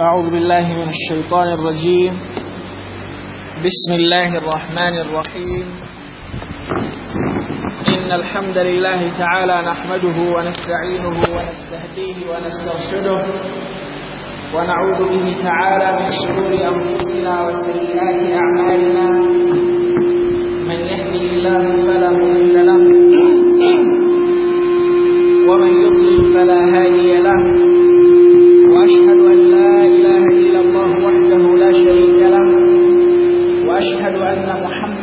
أعوذ بالله من الشيطان الرجيم بسم الله الرحمن الرحيم إن الحمد لله تعالى نحمده ونستعينه ونستهديه ونسترشده ونعوذ به تعالى من شرور أنفسنا وسيئات أعمالنا من يهدي الله فلا مضل له ومن يضلل فلا هادي له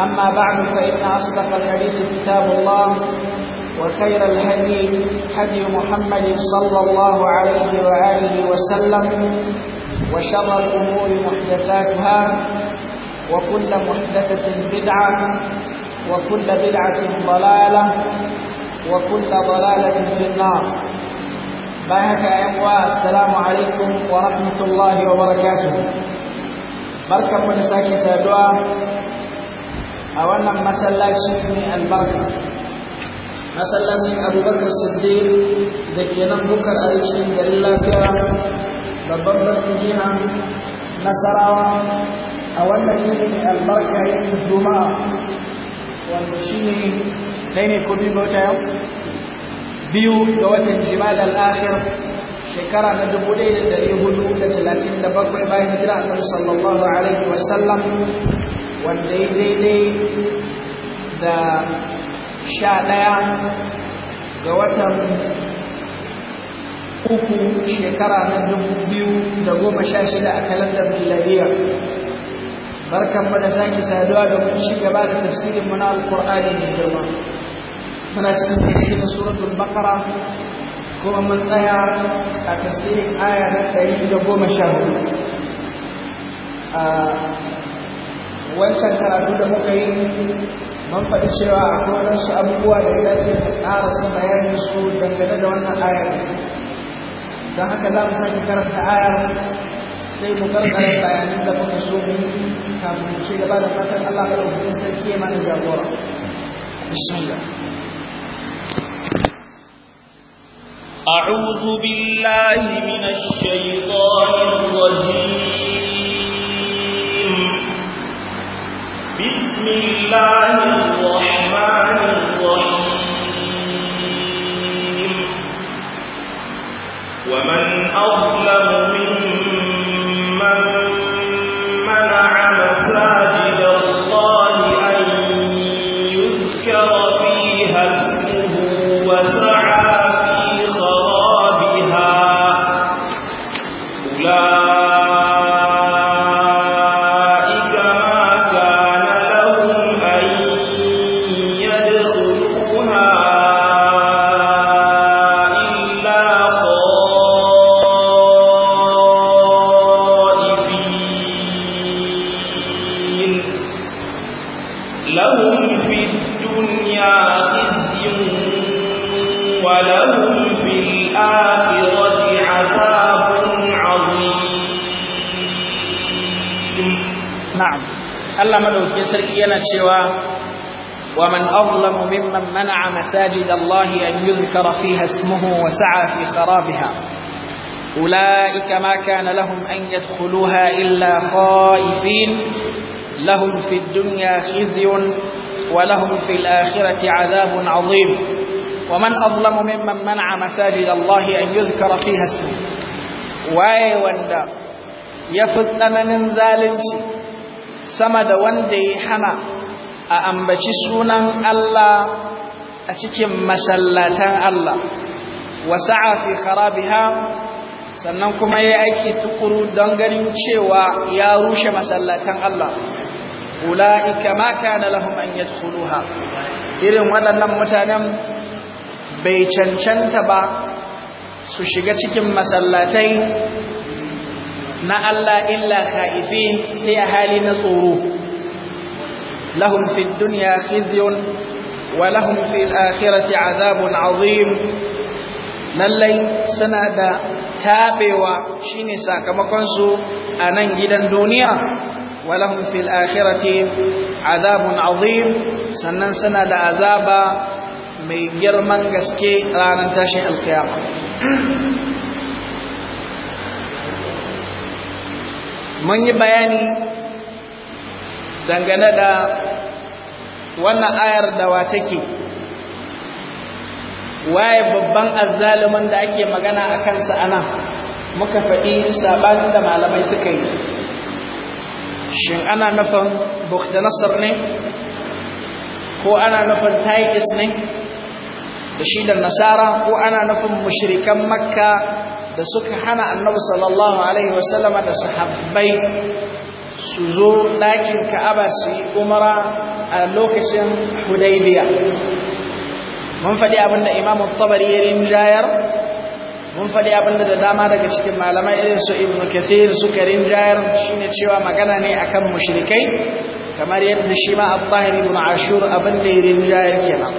أما بعد فإن أصدق الحديث كتاب الله وخير الهدي هدي محمد صلى الله عليه وآله وسلم وشر الأمور محدثاتها وكل محدثة بدعة وكل بدعة ضلالة وكل ضلالة في النار بارك إخوة السلام عليكم ورحمة الله وبركاته بركة من ساكي سادوا a wannan masallaci ne albarka masallacin abubakar siddiq da ke nan bukar a cikin garin lafiya babban birnin jiha nasarawa a wannan yini ne albarka yin zuma wanda shi ne dai ne kudi biyu ta yau biyu ga watan jima'a akhir shekara na dubu ɗaya da ɗari hudu da talatin da bakwai bayan hijira annabi sallallahu alaihi wasallam wanda ya daidai da sha ɗaya ga watan uku shekara na dubu biyu da goma sha shida a kalandar miladiyar barkan mu da sake saduwa da mun ci gaba da tafsirin mu na alqur'ani mai girma muna cikin tafsirin suratul baqara kuma mun tsaya a tafsirin aya na ɗari da goma sha hudu wancan karatu da muka yi mun faɗi cewa akwai wasu abubuwa da ya ce ƙara ƙarasa bayani su dangane da wannan ayar don haka za mu sake karanta ayar sai mu karkare bayanin da muka so mu kafin mu ci gaba da fatan Allah ka ɗauki sarki ya mana jagora bismillah أعوذ بالله من الشيطان الرجيم بسم الله الرحمن الرحيم ومن أظلم ممن منع مساجد مساجد الله أن يذكر فيها اسمه وسعى في خرابها أولئك ما كان لهم أن يدخلوها إلا خائفين لهم في الدنيا خزي ولهم في الآخرة عذاب عظيم ومن أظلم ممن منع مساجد الله أن يذكر فيها اسمه وأي وندا ya من ذلك سمد وندي حنا wanda أَلَّا a cikin masallatan Allah wa sa'a fi kharabiha sannan kuma yayi aiki tukuru don ganin cewa ya rushe masallatan Allah ulaika ma kana lahum an yadkhuluha irin waɗannan mutanen bai cancanta ba su shiga cikin masallatai na Allah illa khaifin sai a hali na tsoro lahum fid dunya khizyun ولهم في الآخرة عذاب عظيم lallai suna da taɓewa shine sakamakonsu a nan gidan duniya walahum fi akhirati azabun azim sannan suna da azaba mai girman gaske ranar tashin alkiyama mun yi bayani dangane da wannan ayar da wa take waye babban azzaluman da ake magana a kansa anan muka faɗi sabanin da malamai suka yi shin ana nufin bukhtanasar ne ko ana nufin taitis ne da shi da nasara ko ana nufin mushrikan makka da suka hana annabi sallallahu alaihi wasallama da sahabbai su zo ɗakin ka'aba su yi umara a lokacin Hudaibiya. mun faɗi abinda imamu tabari ya rinjayar mun faɗi abinda da dama daga cikin malamai irin su ibn kathir suka rinjayar shine cewa magana ne akan mushrikai kamar yadda shi ma al ibn ashur abinda ya rinjayar kenan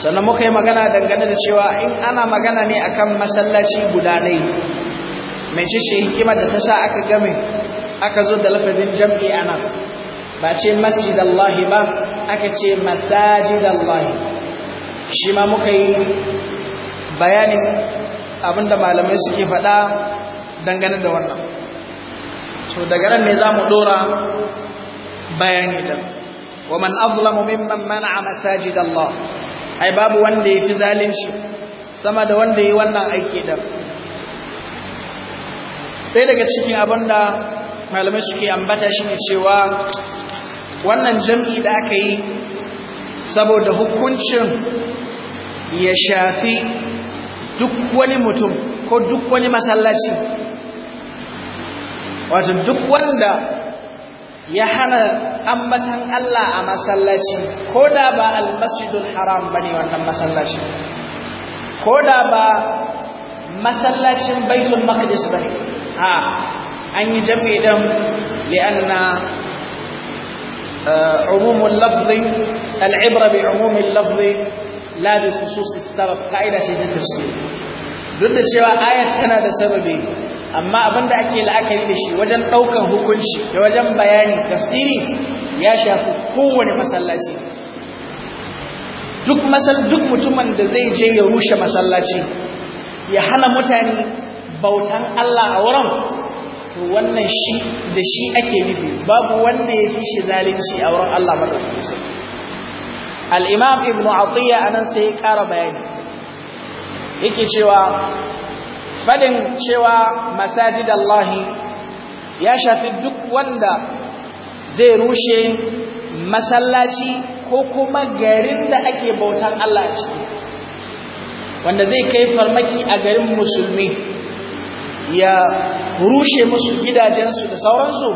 sannan muka yi magana dangane da cewa in ana magana ne akan masallaci guda ɗaya mai cece hikimar da ta sa aka gami aka zo da lafazin jam'i a nan ba ce masjidallahi ba aka ce masajidallahi shi ma muka yi bayanin abinda malamai suke faɗa dangane da wannan to daga nan ne za mu ɗora bayani da waman azlamu mimman mana'a Allah ai babu wanda ya fi zalunci sama da wanda ya yi wannan aiki da ɗaya daga cikin abinda malamai suke ambata shi ne cewa wannan jam'i da aka yi saboda hukuncin ya shafi duk wani mutum ko duk wani masallaci wato duk wanda ya hana ambatan Allah a masallaci ko da ba almasjidul haram ba ne wannan masallaci ko da ba masallacin baitul maqdis ba? Ha. an yi jam'i ɗin li'anna عموم اللفظ العبرة بعموم اللفظ لا بخصوص السبب ce ta تفسير duk da cewa ayat tana da sababi amma abinda ake la'akari da shi wajen ɗaukar hukunci da wajen bayani tafsiri ya shafi kowane masallaci duk duk mutumin da zai je ya rushe masallaci ya hana mutane bautan Allah a wurin to wannan shi da shi ake nufi babu wanda ya fi shi zalunci a wurin Allah madaukakin sarki al-imam ibnu atiya anan sai ya ƙara bayani yake cewa fadin cewa masajidallahi ya shafi duk wanda zai rushe masallaci ko kuma garin da ake bautan Allah a ciki wanda zai kai farmaki a garin musulmi ya rushe musu gidajensu da sauransu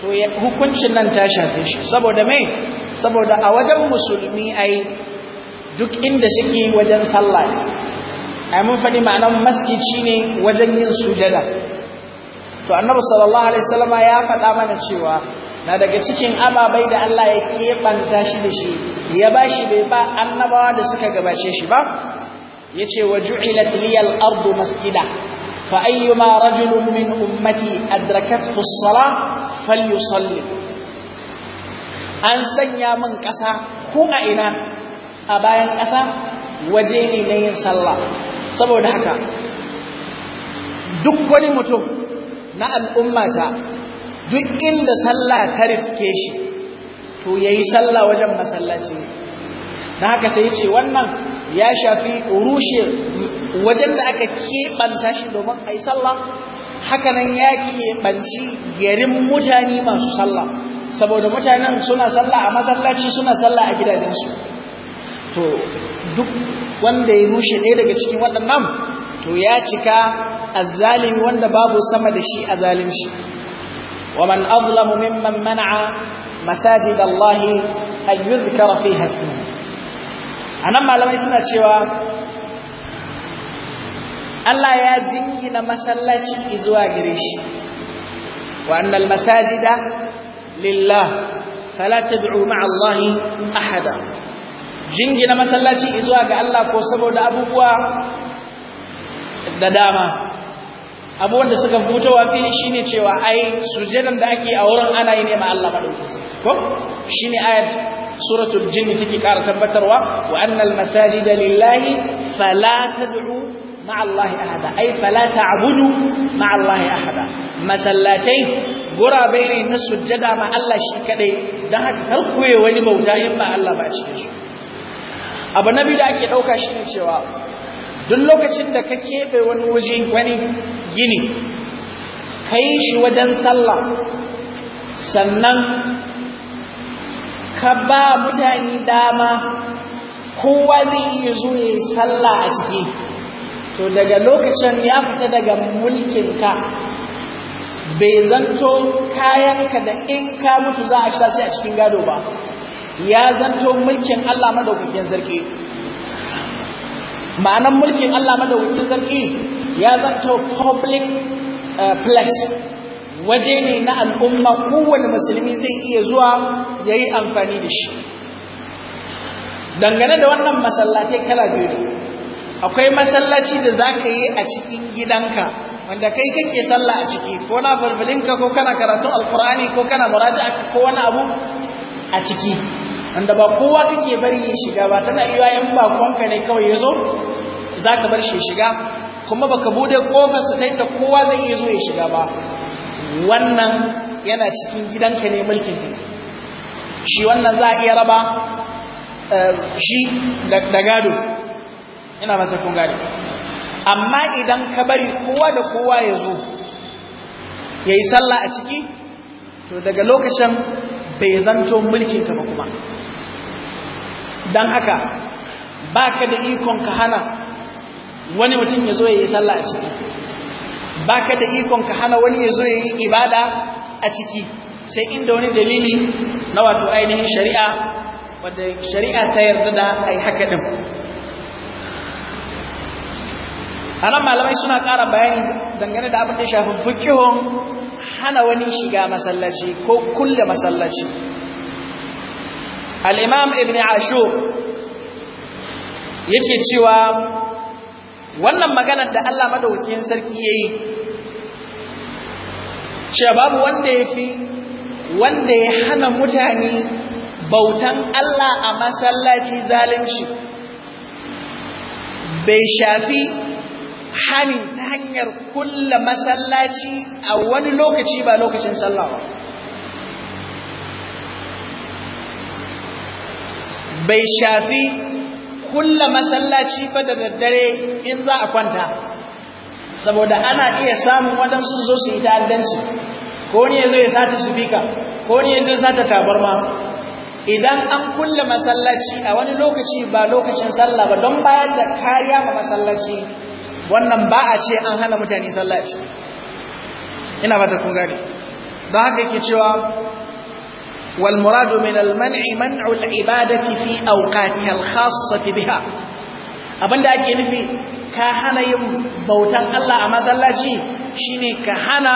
to hukuncin nan ta shafe shi saboda mai saboda a wajen musulmi ai duk inda suke wajen sallah ai mun faɗi ma'anar masjid shine wajen yin sujada to annabi sallallahu alaihi wasallam ya faɗa mana cewa na daga cikin ababai da Allah ya keɓanta shi da shi ya bashi bai ba annabawa da suka gabace shi ba ya ce ju'ilat liyal ardu masjidan فأيما رجل من أمتي أدركته الصلاة فليصلي أن سنيا من كسا كو أئنا أبايا كسا وجيني نين sallah سبو دهكا duk wani mutum na al'ummata duk inda sallah ta riske shi to yayi sallah wajen masallaci na haka sai ce wannan ya shafi rushe wajen da aka keɓanta shi domin a yi sallah hakanan ya keɓanci garin mutane masu sallah saboda mutanen suna sallah a masallaci suna sallah a gidajensu to duk wanda ya rushe ɗaya daga cikin waɗannan to ya cika azzalimi wanda babu sama da shi azzalimci ومن أظلم ممن منع مساجد الله أن يذكر فيها اسمه anan malamai suna cewa Allah ya jingina masallaci zuwa gare shi wa annal masajida lillah fala tad'u ma'a Allah ahada jingina masallaci zuwa ga Allah ko saboda abubuwa da dama abubuwan da suka fitowa fili shine cewa ai sujadan da ake a wurin ana yi ne ma Allah madaukakin ko shine ayat suratul jinn take ƙara tabbatarwa wa annal masajida lillahi fala tad'u مع الله أحدا أي فلا تعبدوا مع الله أحدا مسلاتين غرا بين الناس سجدا مع الله شكدي ده كركوي wani bauta in Allah a cikin shi abu nabi da ake dauka shine cewa duk lokacin da ka keɓe wani waje wani gini kai shi wajen sallah sannan ka ba mutane dama kowa zai iya zo ya sallah a ciki to daga lokacin ya fita daga mulkinka bai zanto kayanka da in ka mutu za a shi a cikin gado ba ya zanto mulkin Allah madaukakin sarki ma'anan mulkin Allah madaukakin sarki ya zanto public eh, place waje ne na al'umma kowane musulmi zai iya zuwa ya yi amfani da shi dangane da wannan masallatai kala biyu akwai masallaci da za ka yi a cikin gidanka wanda kai kake sallah a ciki ko na balbalinka ko kana karatun alkur'ani ko kana muraja'a ko wani abu a ciki wanda ba kowa kake bari ya shiga ba tana iya yan bakonka ne kawai ya zo za ka bar shi shiga kuma ba ka bude kofar su da kowa zai iya zo ya shiga ba wannan yana cikin gidanka ne mulkin ka shi wannan za a iya raba eh, shi da gado ina ba ta kun gane amma idan ka bari kowa da kowa ya zo ya yi sallah a ciki to daga lokacin bai zanto mulkinka ba kuma don haka ba ka da ikon ka hana wani mutum ya zo ya yi sallah a ciki ba ka da ikon ka hana wani ya zo ya yi ibada a ciki sai inda wani dalili na wato ainihin shari'a wadda shari'a ta yarda da a yi haka ɗin anan malamai suna ƙara bayani dangane da abin da shafi fikihun hana wani shiga masallaci ko kulle masallaci al-imam ibn ashur yake cewa wannan maganar da Allah madawakin sarki yayi cewa babu wanda yafi wanda ya hana mutane bautan Allah a masallaci zalunci bai shafi hani ta hanyar kulla masallaci a wani lokaci ba lokacin sallah bai shafi kulla masallaci ba da daddare in za a kwanta saboda ana iya samun waɗansu zo su yi ta'addanci ko ne zai sata sufika ko ne zai sata tabarma idan an kulla masallaci a wani lokaci ba lokacin sallah ba don bayar da kariya ma masallaci wannan ba a ce an hana mutane sallah ce ina ba kun gane don haka yake cewa wal muradu min al man'i man'u al ibadati fi awqatiha al khassati biha abinda ake nufi ka hana yin bautan Allah a masallaci shine ka hana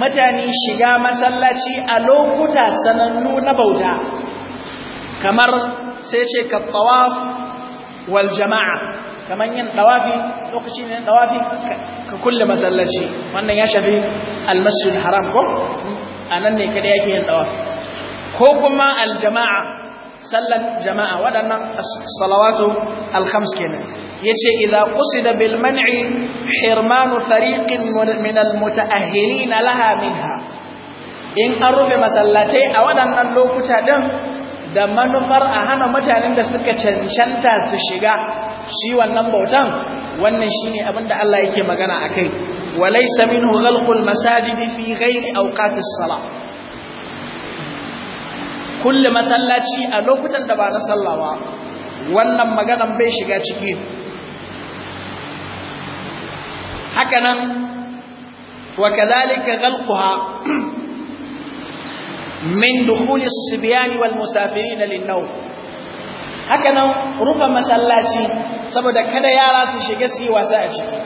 mutane shiga masallaci a lokuta sanannu na bauta kamar sai ce ka tawaf wal jama'a kamar yin dawafi lokacin yin dawafi ka kulle masallaci wannan ya shafi almasjid haram ko A nan ne kada yake yin dawafi ko kuma aljama'a sallan jama'a waɗannan salawatu alkhams kenan yace idza qusida bil man'i hirmanu fariqin min al mutaahhirin laha minha in an rufe masallatai a waɗannan lokuta din da manufar a hana mutanen da suka cancanta su shiga shi wannan bautan wannan shine abin da Allah yake magana akai walaysa minhu ghalqul masajidi fi ghairi awqatis sala. kullu masallaci a lokutan da ba na sallawa ba wannan maganan bai shiga ciki haka nan wa kadhalika ghalquha min dukhul sibyan wal musafirin lin-nawm haka nan rufe masallaci saboda kada yara su shiga su yi wasa a ciki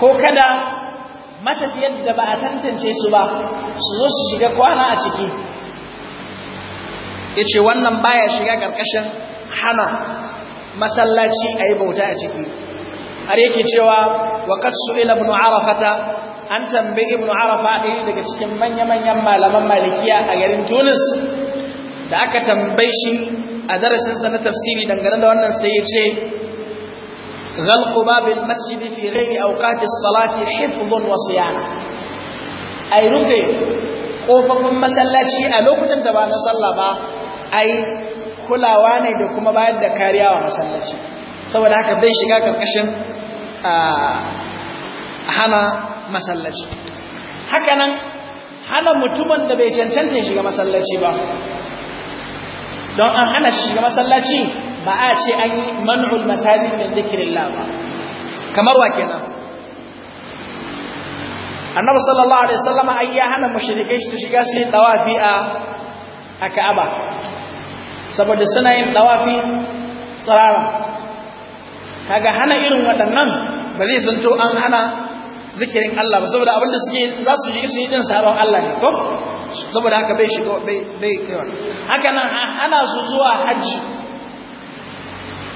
ko kada matafiyar da ba a tantance su ba su zo su shiga kwana a ciki ya ce wannan baya shiga ƙarƙashin hana masallaci a yi bauta a ciki har yake cewa wa kasu ila ibn arafata an tambayi ibn arafa ɗaya daga cikin manya-manyan malaman malikiya a garin tunis da aka tambayi shi a darasinsa na tafsiri dangane da wannan sai ya ce ghalqu babil masjid fi ghairi awqati salati hifdhun wa siyana ay rufe kofofin masallaci a lokutan da ba na sallah ba ai kulawa ne da kuma bayar da kariya wa masallaci saboda haka bai shiga karkashin hana masallaci hakanan hana mutumin da bai cancanta shiga masallaci ba don an hana shiga masallaci, ba a ce an yi man'ul masajid min zikrillah ba kamar wa kenan annabi sallallahu alaihi wasallam ai ya hana mushrikai su shiga su yi tawafi a Ka'aba saboda suna yin tawafi tsirara kaga hana irin waɗannan ba zai zanto an hana zikirin Allah ba saboda abinda suke za su shiga su yi din sabon Allah ne ko saboda haka bai shiga bai kaiwa haka nan ana su zuwa hajji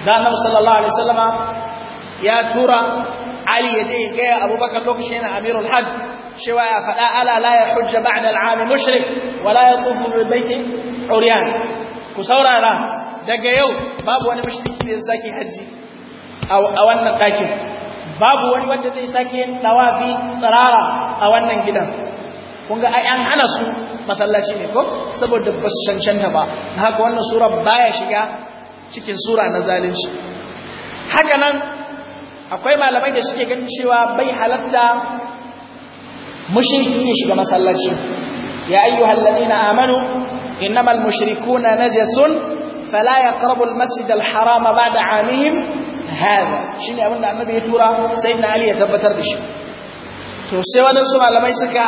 da annabi sallallahu alaihi wasallama ya tura ali ya je ya gaya abubakar lokacin yana amirul hajj cewa ya faɗa ala la ya hujja ba'da al'ami mushrik wa la yatufu bil baiti uryan ku saurara daga yau babu wani mushriki da zai hajji a wannan ɗakin babu wani wanda zai sake tawafi tsirara a wannan gidan kun ga ai an hana su masallaci ne ko saboda ba su cancanta ba haka wannan sura baya shiga cikin sura na zalunci haka nan akwai malamai da suke ganin cewa bai halatta mushriki ya shiga masallaci ya ayyuhal ladina amanu innamal mushrikuna najasun فلا يقربوا المسجد الحرام بعد عامهم هذا shine abinda annabi ya tura sayyidina ali ya tabbatar da shi to sai wadansu malamai suka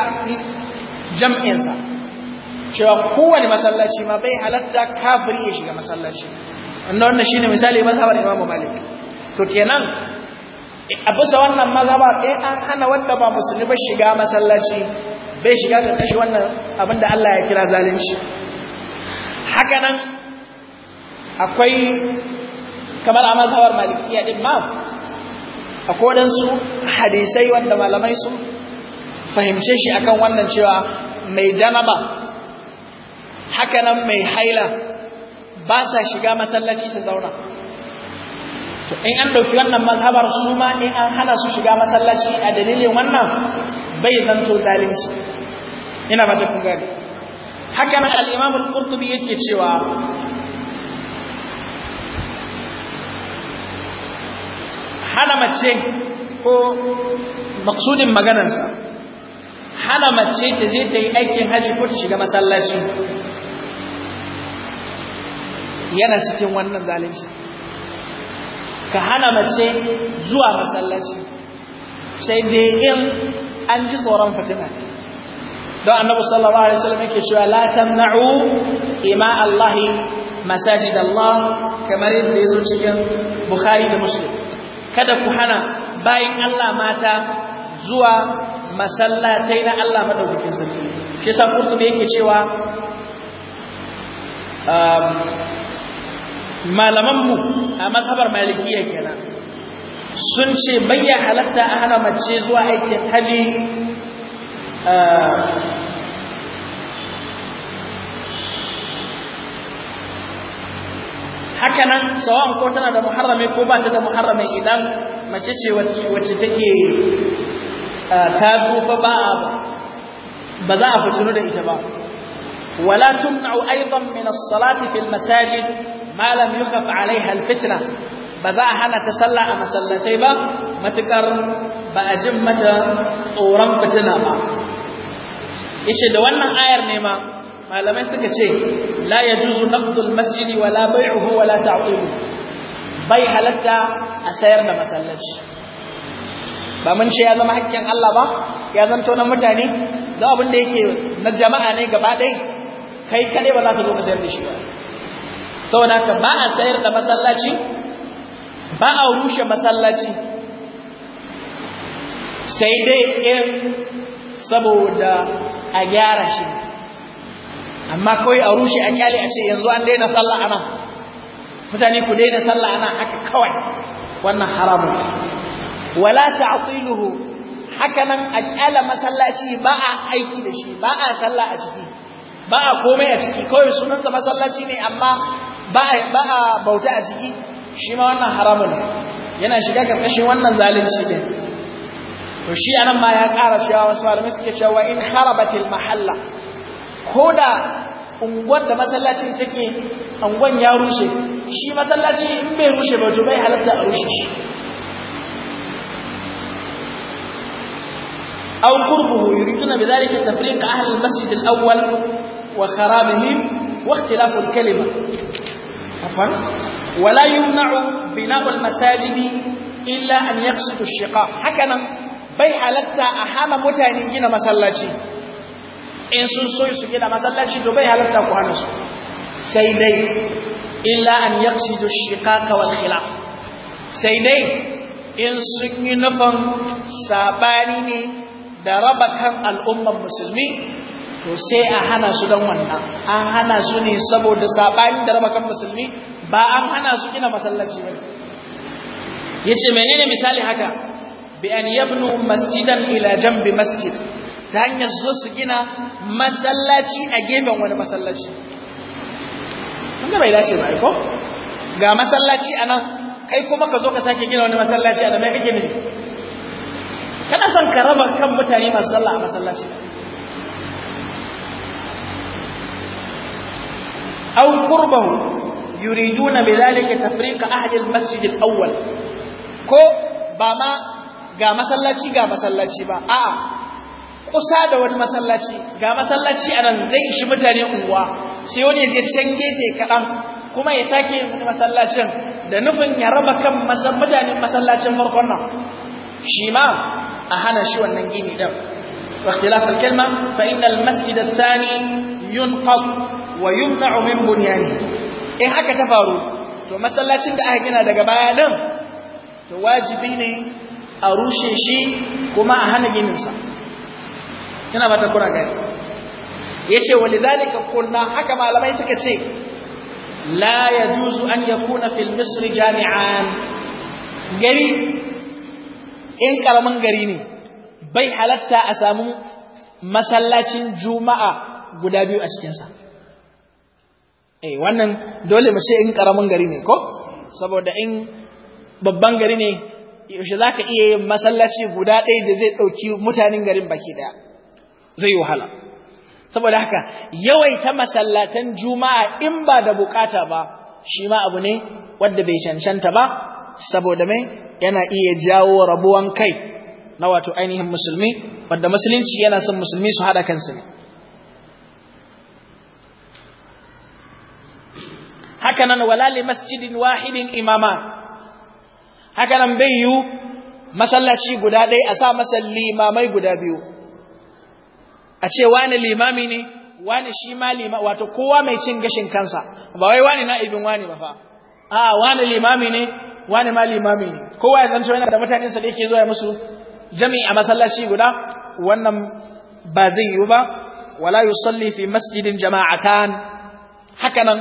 jam'insa cewa kowane masallaci ma bai halatta kafiri ya shiga masallaci wannan wannan shine misali mazhabar Imam Malik to kenan a bisa wannan mazhaba ɗaya an hana wanda ba musulmi ba shiga masallaci bai shiga kashi wannan abin Allah ya kira zalunci haka nan akwai kamar a mazhabar malikiya din ma akwai waɗansu hadisai wanda malamai sun fahimce shi akan wannan cewa mai janaba hakanan mai haila ba sa shiga masallaci su zauna to in an ɗauki wannan mazhabar su ma in an hana su shiga masallaci a dalilin wannan bai zanto zalunci ina ba ta kun Haka hakanan al-imam al-qurtubi yake cewa hana mace ko maksudin maganarsa hana mace ta je ta yi aikin hajji ko ta shiga masallaci yana cikin wannan zalunci ka hana mace zuwa masallaci sai dai in an ji tsoron fitina don annabi sallallahu alaihi wasallam yake cewa la tamna'u ima Allah masajid Allah kamar yadda yazo cikin Bukhari da Muslim kada ku hana bayin Allah mata zuwa masallatai na Allah madaukakin sarki shi yasa kurtubi yake cewa um, mu a masabar malikiya kenan sun ce bayya halatta a hana mace zuwa aikin haji uh, haka nan sawa'an ko tana da muharrami ko ba ta da muharrami idan mace ce wacce take ta tsufa ba ba za a fitinu da ita ba wala tumna'u aidan min as-salati fil masajid ma lam yukhaf 'alayha al-fitna ba za a hana ta sallah a masallatai ba matukar ba a jin mata tsoron fitina ba yace da wannan ayar ne ma malamai suka ce la yajuzu naqdul masjidi wala bai'uhu wala ta'tilu bai halatta a sayar da masallaci ba mun ce ya zama hakkin Allah ba ya zanto na mutane da abin da yake na jama'a ne gaba ɗaya kai kaɗai ba za ka zo ka sayar da shi ba saboda ka ba a sayar da masallaci ba a rushe masallaci sai dai in saboda a gyara shi amma kawai a rushe a kyale a ce yanzu an daina sallah ana mutane ku daina sallah ana haka kawai wannan haramun wala ta'tiluhu hakanan a kyala masallaci ba a aiki da shi ba a sallah a ciki ba a komai a ciki kawai sunansa masallaci ne amma ba a bauta a ciki shi ma wannan haramun yana shiga karkashin wannan zalunci din to shi anan ma ya ƙara cewa wasu malamai suke cewa in harabatil mahalla ko da unguwar da masallacin take unguwan ya rushe shi masallaci in bai rushe ba to bai halatta a rushe shi أو قربه يريدون بذلك تفريق أهل المسجد الأول وخرابهم واختلاف الكلمة ولا يمنع بناء المساجد إلا أن يقصد الشقاق حكنا بيح لتا أحام متعنين جنا مسلاتي إن سنسو يسجد مسلاتي دبيح لتا قهانس سيدي إلا أن يقصد الشقاق والخلاف سيدي إن سنينفن ساباني da raba kan al'umman musulmi to sai a hana su dan wannan an hana su ne saboda saɓani da raba kan musulmi ba an hana su gina masallaci ba ya ce menene misali haka bi an yabnu masjidan ila jambi masjid ta hanyar su su gina masallaci a gefen wani masallaci wanda bai dace ba ko ga masallaci a nan kai kuma ka zo ka sake gina wani masallaci a nan mai kake ne kana son ka raba kan mutane masu sallah a masallaci aw qurbahu yuriduna zalika tafriqa ahli almasjid alawwal ko ba ma ga masallaci ga masallaci ba a'a kusa da wani masallaci ga masallaci anan zai ishi mutane unguwa sai wani je can gefe kaɗan kuma ya sake yin masallacin da nufin ya raba kan mutanen masallacin farkon nan shi ma a hana shi wannan gini din واختلاف الكلمة فإن المسجد الثاني ينقض ويمنع من بنيانه ta faru to masallacin da aka gina daga baya nan to ne a shi kuma a hana ginin sa ina ba ta kura kunna haka malamai suka ce la an yakuna gari in karamin gari ne bai halatta a samu masallacin juma'a guda biyu a cikinsa eh wannan dole mu ce in karamin gari ne ko saboda in babban gari ne yaushe za ka iya yin masallaci guda ɗaya da zai ɗauki mutanen garin baki ɗaya zai wahala saboda haka yawaita masallatan juma'a in ba da bukata ba shi ma abu ne wadda bai cancanta ba saboda mai yana iya jawo rabuwan kai na wato ainihin musulmi wanda musulunci yana son musulmi su haɗa kansu ne haka nan wala li masjidin wahidin imama haka nan bai yiwu masallaci guda ɗaya a sa masa limamai guda biyu a ce wani limami ne wani shi ma lima wato kowa mai cin gashin kansa ba wai wani na ibin wani ba fa a wani limami ne wani ma limami kowa ya zanto yana da mutaninsa da yake zuwa musu jami'i a masallaci guda wannan ba zai yi ba wala yusalli fi masjidin jama'atan haka nan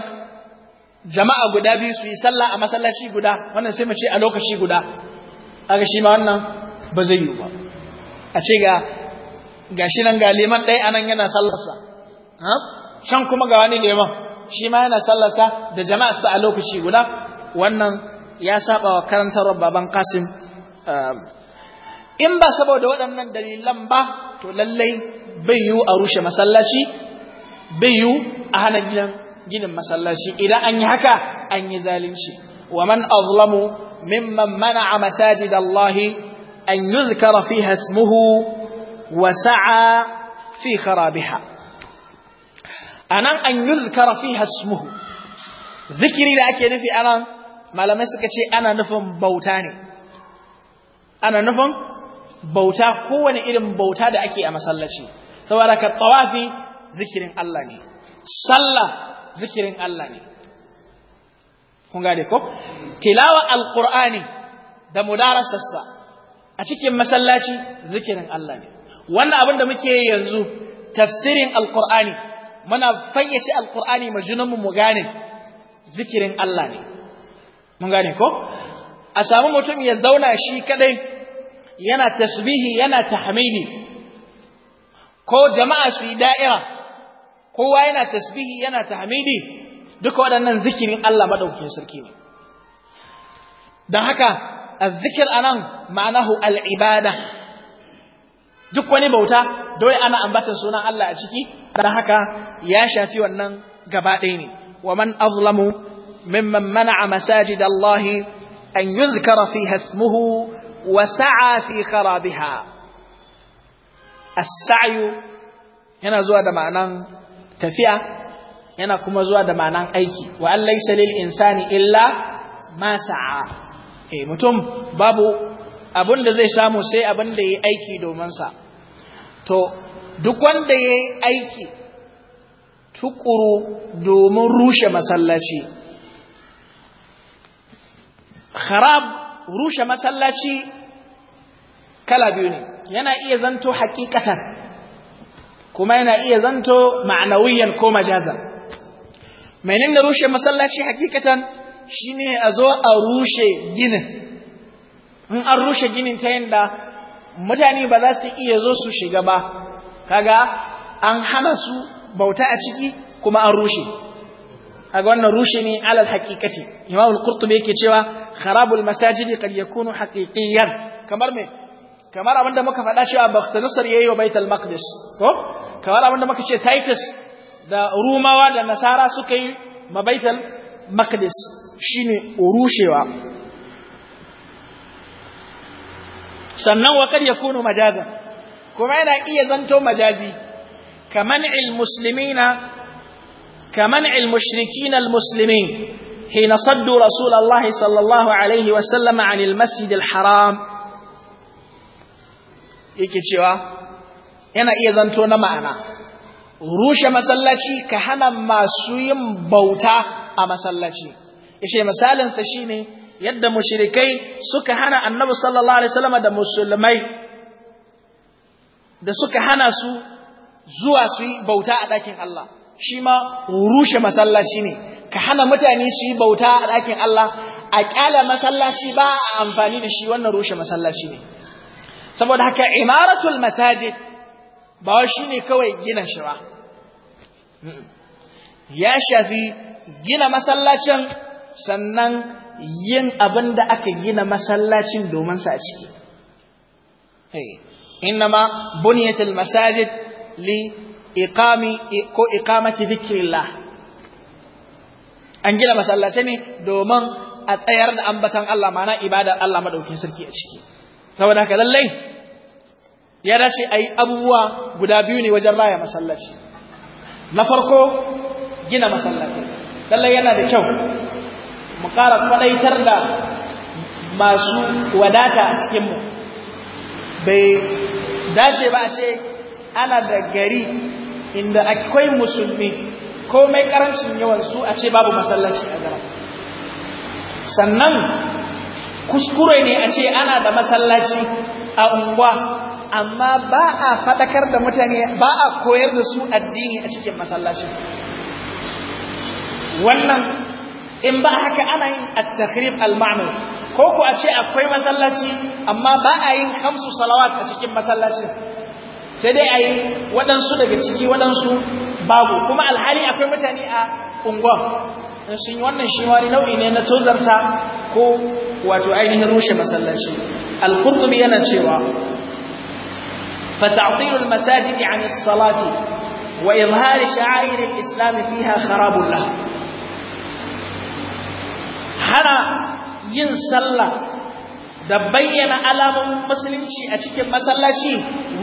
jama'a guda biyu su yi sallah a masallaci guda wannan sai mu ce a lokaci guda aga shi ma wannan ba zai yi ba a ce ga gashi nan ga liman ɗaya anan yana sallarsa can kuma ga wani liman shi ma yana sallarsa da jama'a su a lokaci guda wannan ya saba wa karantarwar baban Qasim ehm, in ba saboda waɗannan dalilan ba to lallai bai yiwu a rushe masallaci bai yiwu a hana gidan ginin masallaci idan an yi haka an yi zalunci wa man azlamu mimman mana'a masajid Allah an yuzkara fiha ismuhu wa sa'a fi kharabiha anan an yuzkara fiha ismuhu zikiri da ake nufi anan malamai suka ce ana nufin bauta ne ana nufin bauta kowane irin bauta da ake a masallaci saboda ka tawafi zikirin Allah ne sallah zikirin Allah ne kun gane ko tilawa alqur'ani da mudarasarsa a cikin masallaci zikirin Allah ne wannan abin da muke yanzu tafsirin alqur'ani muna fayyace alqur'ani ma junanmu mu gane zikirin Allah ne mun gane ko a samu mutum ya zauna shi kadai yana tasbihi yana tahmidi ko jama'a su yi da'ira kowa yana tasbihi yana tahmidi duk waɗannan zikirin Allah madaukakin sarki ne dan haka azzikir anan ma'anahu al'ibada duk wani bauta dole ana ambata sunan Allah a ciki dan haka ya shafi wannan gaba ɗaya ne wa man azlamu ممن منع مساجد الله أن يذكر فيها اسمه وسعى في خرابها السعي هنا زواد معنى تفيع هنا كما زواد معنى أيكي وأن ليس للإنسان إلا ما سعى إيه متم بابو أبن لذي سامو سي أبن لي أيكي دو منسى تو دوكوان لي أيكي تكرو دو من روش kharab rushe masallaci kala biyu ne yana iya zanto hakikatan kuma yana iya zanto ma'anawiyan ko majazan menene rushe masallaci hakikatan shine a zo a rushe ginin in an rushe ginin ta yanda mutane ba za su iya zo su shiga ba kaga an hana su bauta a ciki kuma an rushe kaga wannan rushe ne alal haqiqati imam al yake cewa kharabul masajid qad yakunu haqiqiyan kamar me kamar da muka faɗa cewa Bakhtanasar yayi wa Baitul Maqdis ko kamar abinda muka ce Titus da Rumawa da Nasara suka yi ma Baitul Maqdis shine urushewa sannan wa kad yakunu majazan kuma yana iya zanto majazi kaman il muslimina كمنع المشركين المسلمين حين صدوا رسول الله صلى الله عليه وسلم عن المسجد الحرام yake cewa yana iya zanto na ma'ana rushe masallaci ka hana masu yin bauta a masallaci ishe misalinsa shine yadda mushrikai suka hana annabi sallallahu alaihi wasallam da musulmai da suka hana su zuwa su yi bauta a ɗakin Allah shi ma rushe masallaci ne ka hana mutane su yi bauta a ɗakin Allah a ƙyala masallaci ba a amfani da shi wannan rushe masallaci ne saboda haka imaratul masajid ba shi ne kawai gina shi ba ya shafi gina masallacin sannan yin abin da aka gina masallacin domin sa a ciki eh, innama buniyatul masajid li iqami ko iqamati zikrillah an gina masallaci ne domin a tsayar da ambatan Allah mana ibadar Allah madaukin sarki a ciki saboda haka lallai ya dace ayi abubuwa guda biyu ne wajen raya masallaci na farko gina masallaci lallai yana da kyau mu ƙara faɗaitar da masu wadata a cikinmu bai dace ba a ce ana da gari inda akwai musulmi komai karancin yawan su a ce babu masallaci a garin sannan kuskure ne a ce ana da masallaci a unguwa amma ba a faɗakar da mutane ba a koyar da su addini a cikin masallaci wannan in ba haka ana yin at-takhrib al-ma'mur ko ku a ce akwai masallaci amma ba a yin khamsu salawat a cikin masallacin sai dai a yi waɗansu daga ciki waɗansu babu kuma alhali akwai mutane a unguwan in sun yi wannan shi nau'i ne na tozarta ko wato ainihin rushe masallaci al yana cewa فتعطيل المساجد عن الصلاة وإظهار شعائر الإسلام فيها خراب له هنا yin sallah da bayyana alamun musulunci a cikin masallaci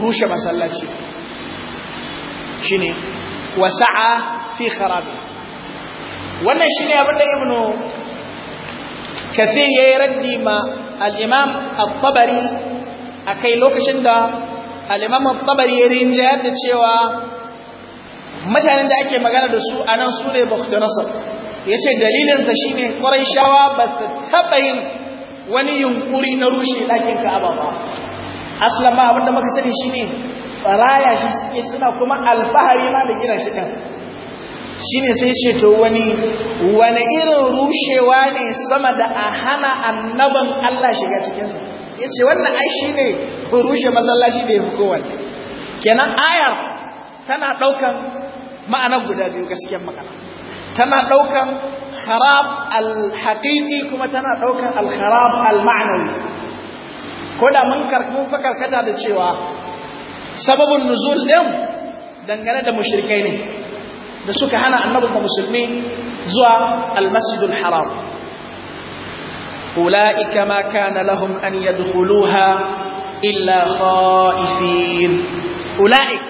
rushe masallaci shine wasa'a fi kharabi wannan shine abin da ibnu kathir yayi raddi ma al-imam at-tabari akai lokacin da al-imam at-tabari ya rinjayar da cewa mutanen da ake magana da su anan sune bakhtiyar nasab yace dalilin sa shine quraishawa ba su taba yin wani yunkuri na rushe ɗakin ka'aba ba aslan ma abinda muka sani shine raya shi suke suna kuma alfahari ma da gina shi ɗin shine sai ce to wani wani irin rushewa ne sama da a hana annaban Allah shiga cikin ya ce wannan ai shine rushe masallaci da ya fi kenan ayar tana ɗaukan ma'anar guda biyu gaskiyar magana tana ɗaukan kharab al kuma tana ɗaukan al-kharab al-ma'nawi ko da mun karkun karkata da cewa sababin nuzul din dangane da mushrikai ne da suka hana annabi da musulmi zuwa al-masjid al-haram ulaika ma kana lahum an yadkhuluha illa khaifin ulaik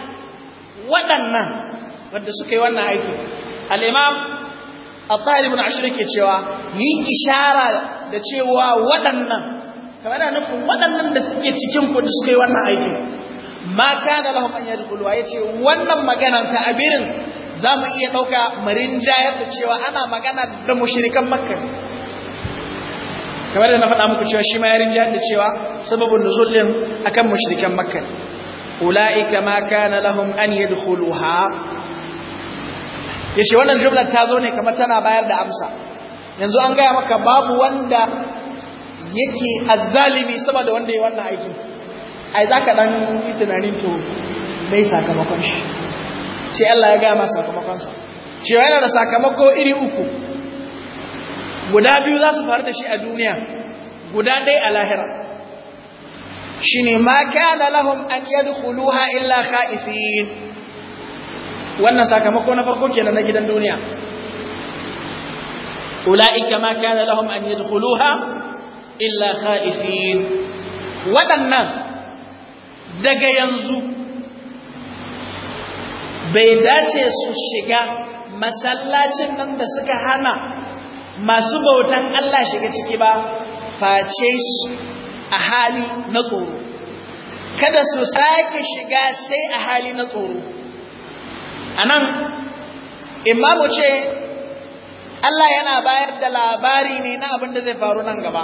waɗannan wanda suka yi wannan aiki al-imam Abdul ibn Ashir ke cewa yi ishara da cewa waɗannan kamar da nufin waɗannan da suke cikin ku da suka yi wannan aikin ma da lahum an yadkhulu ya ce wannan maganar ta abirin za mu iya ɗauka marin jayar da cewa ana magana da mushrikan makka kamar da na faɗa muku cewa shi ma yarin jihar da cewa sababin nuzulin akan mushrikan makka ulaika ma kana lahum an yadkhuluha yace wannan jumlar ta zo ne kamar tana bayar da amsa yanzu an gaya maka babu wanda yake azzalimi sama da wanda ya wannan aikin ai zaka dan yi tunanin to mai sakamakon shi sai Allah ya gaya masa sakamakon sa cewa yana da sakamako iri uku guda biyu za su faru da shi a duniya guda dai a lahira shine ma kana lahum an yadkhuluha illa khaifin wannan sakamako na farko kenan na gidan duniya ulaika ma kana lahum an yadkhuluha illa khaifin waɗannan daga yanzu bai dace su shiga masallacin nan da suka hana masu bautan Allah shiga ciki ba face shi a hali na tsoro kada su sake shiga sai a hali na tsoro anan nan imma mu ce Allah yana bayar da labari ne na abin da zai faru nan gaba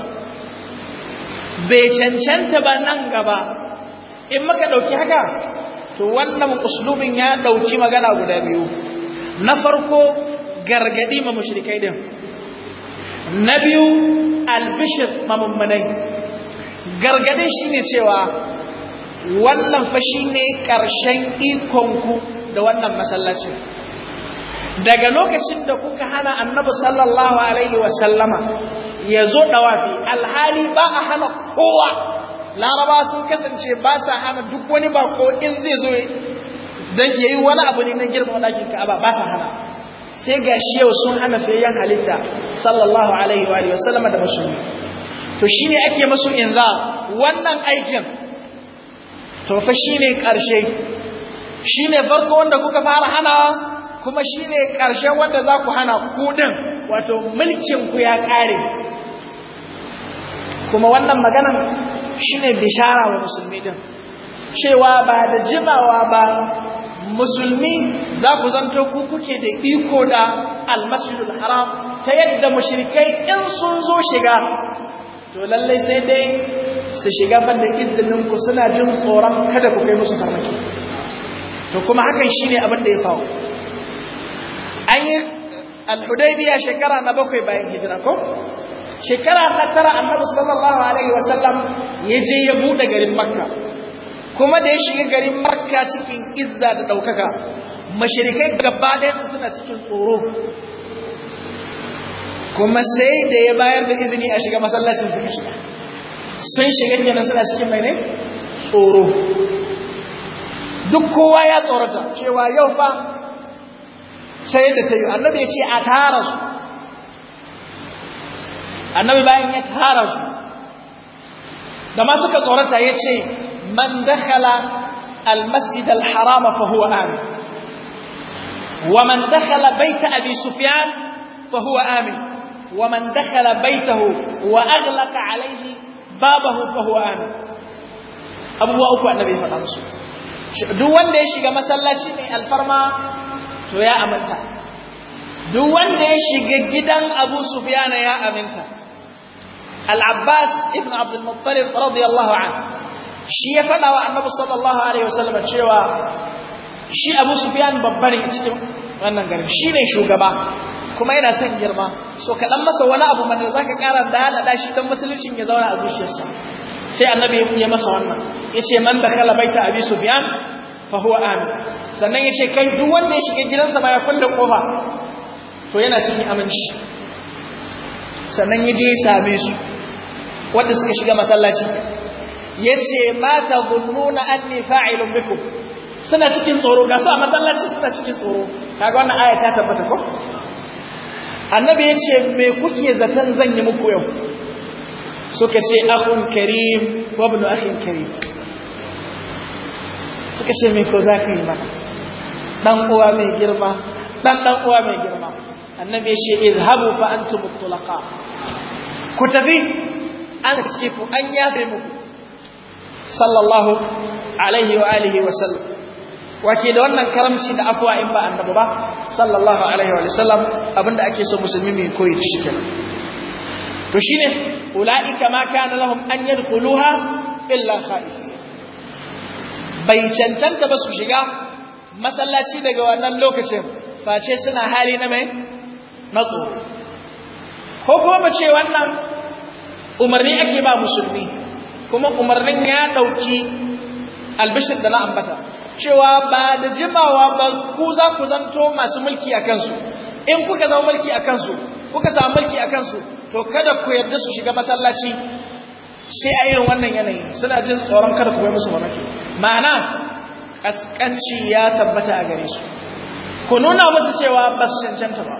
bai cancanta ba nan gaba in muka ɗauki haka to wannan uslubin ya ɗauki magana guda biyu na farko gargadi ma mushrikai din na biyu albishir ma mummunai shine cewa wannan fashi ne ƙarshen ikonku da wannan masallacin daga lokacin da kuka hana annabi sallallahu alaihi wasallama ya zo dawafi alhali ba a hana kowa laraba sun kasance ba sa hana duk wani bako in zai zo dan yi wani abu ne na girma dakin ka'aba ba sa hana sai ga shi yau sun hana fiyayyen halitta sallallahu alaihi wa sallama da musulmi to shine ake masu inza wannan aikin to fa shine karshe shi ne farko wanda kuka fara hana kuma shi ne ƙarshen wanda za ku hana kudin wato mulkin ku ya ƙare kuma wannan maganan shi ne bishara wa musulmi din cewa ba da jimawa ba musulmi za ku zanto ku kuke da iko da almasjidul haram ta yadda mushrikai in sun zo shiga to lallai sai dai su shiga ban da ku suna jin tsoron kada ku kai musu farmaki to kuma hakan shi abin da ya faru an yi alhudaibiya shekara na bakwai bayan hijira ko shekara ta tara annabi sallallahu alaihi wasallam ya je ya bude garin makka kuma da ya shiga garin makka cikin izza da ɗaukaka, mashirikai gaba suna cikin tsoro kuma sai da ya bayar da izini a shiga masallacin suka shiga sun shiga kenan suna cikin mai ne tsoro duk kowa ya tsorata cewa yau fa sai da ta yi annabi ya ce a tara su annabi bayan ya tara su da ma suka tsorata ya ce man dakhala Wa man فهو آمن ومن دخل fa huwa Amin. Wa man ومن دخل بيته وأغلق عليه بابه fa huwa Amin. Abubuwa uku صلى الله عليه وسلم duk wanda ya shiga masallaci mai alfarma to ya aminta duk wanda ya shiga gidan Abu Sufyan ya aminta Al-Abbas ibn Abdul Muttalib radiyallahu anhu shi ya faɗa wa Annabi sallallahu alaihi wasallam cewa shi Abu Sufyan babba ne cikin wannan garin shi ne shugaba kuma yana son girma so kaɗan masa wani abu mana za ka ƙara da haɗaɗa shi don musuluncin ya zauna a zuciyarsa sai annabi ya masa wannan yace man dakhala baita abi sufyan fa huwa amin sannan yace kai duk wanda ya shiga gidansa ba ya kulle kofa to yana cikin aminci sannan ya je ya same su wanda suka shiga masallaci yace ma tadhunnuna anni fa'ilun bikum suna cikin tsoro ga su a masallaci suna cikin tsoro kaga wannan aya ta tabbata ko annabi yace me kuke zaton zan yi muku yau suka ce akhun karim wa ibn akhin karim suka ce mai ko za ka yi mana ɗan uwa mai girma ɗan ɗan uwa mai girma annabi ya ce izhabu fa antum mutlaqa ku tafi an ce ku an yafe muku sallallahu alaihi wa alihi wa sallam wake da wannan karamci da afuwa in ba annabi ba sallallahu alaihi wa sallam abinda ake so musulmi mai koyi shi kenan to shine ulaika ma kana lahum an yadkhuluha illa khaif bai cancanta ba su shiga masallaci daga wannan lokacin face suna hali na mai matso ko kuma ce wannan umarni ake ba musulmi kuma umarnin ya ɗauki albishir da na ambata cewa ba da jimawa ba ku za ku zanto masu mulki a kansu in kuka zama mulki a kansu kuka samu mulki a kansu to kada ku yarda su shiga masallaci sai a irin wannan yanayi suna jin tsoron kada ku bai musu mamaki ma'ana ƙasƙanci ya tabbata a gare su ku nuna musu cewa ba su cancanta ba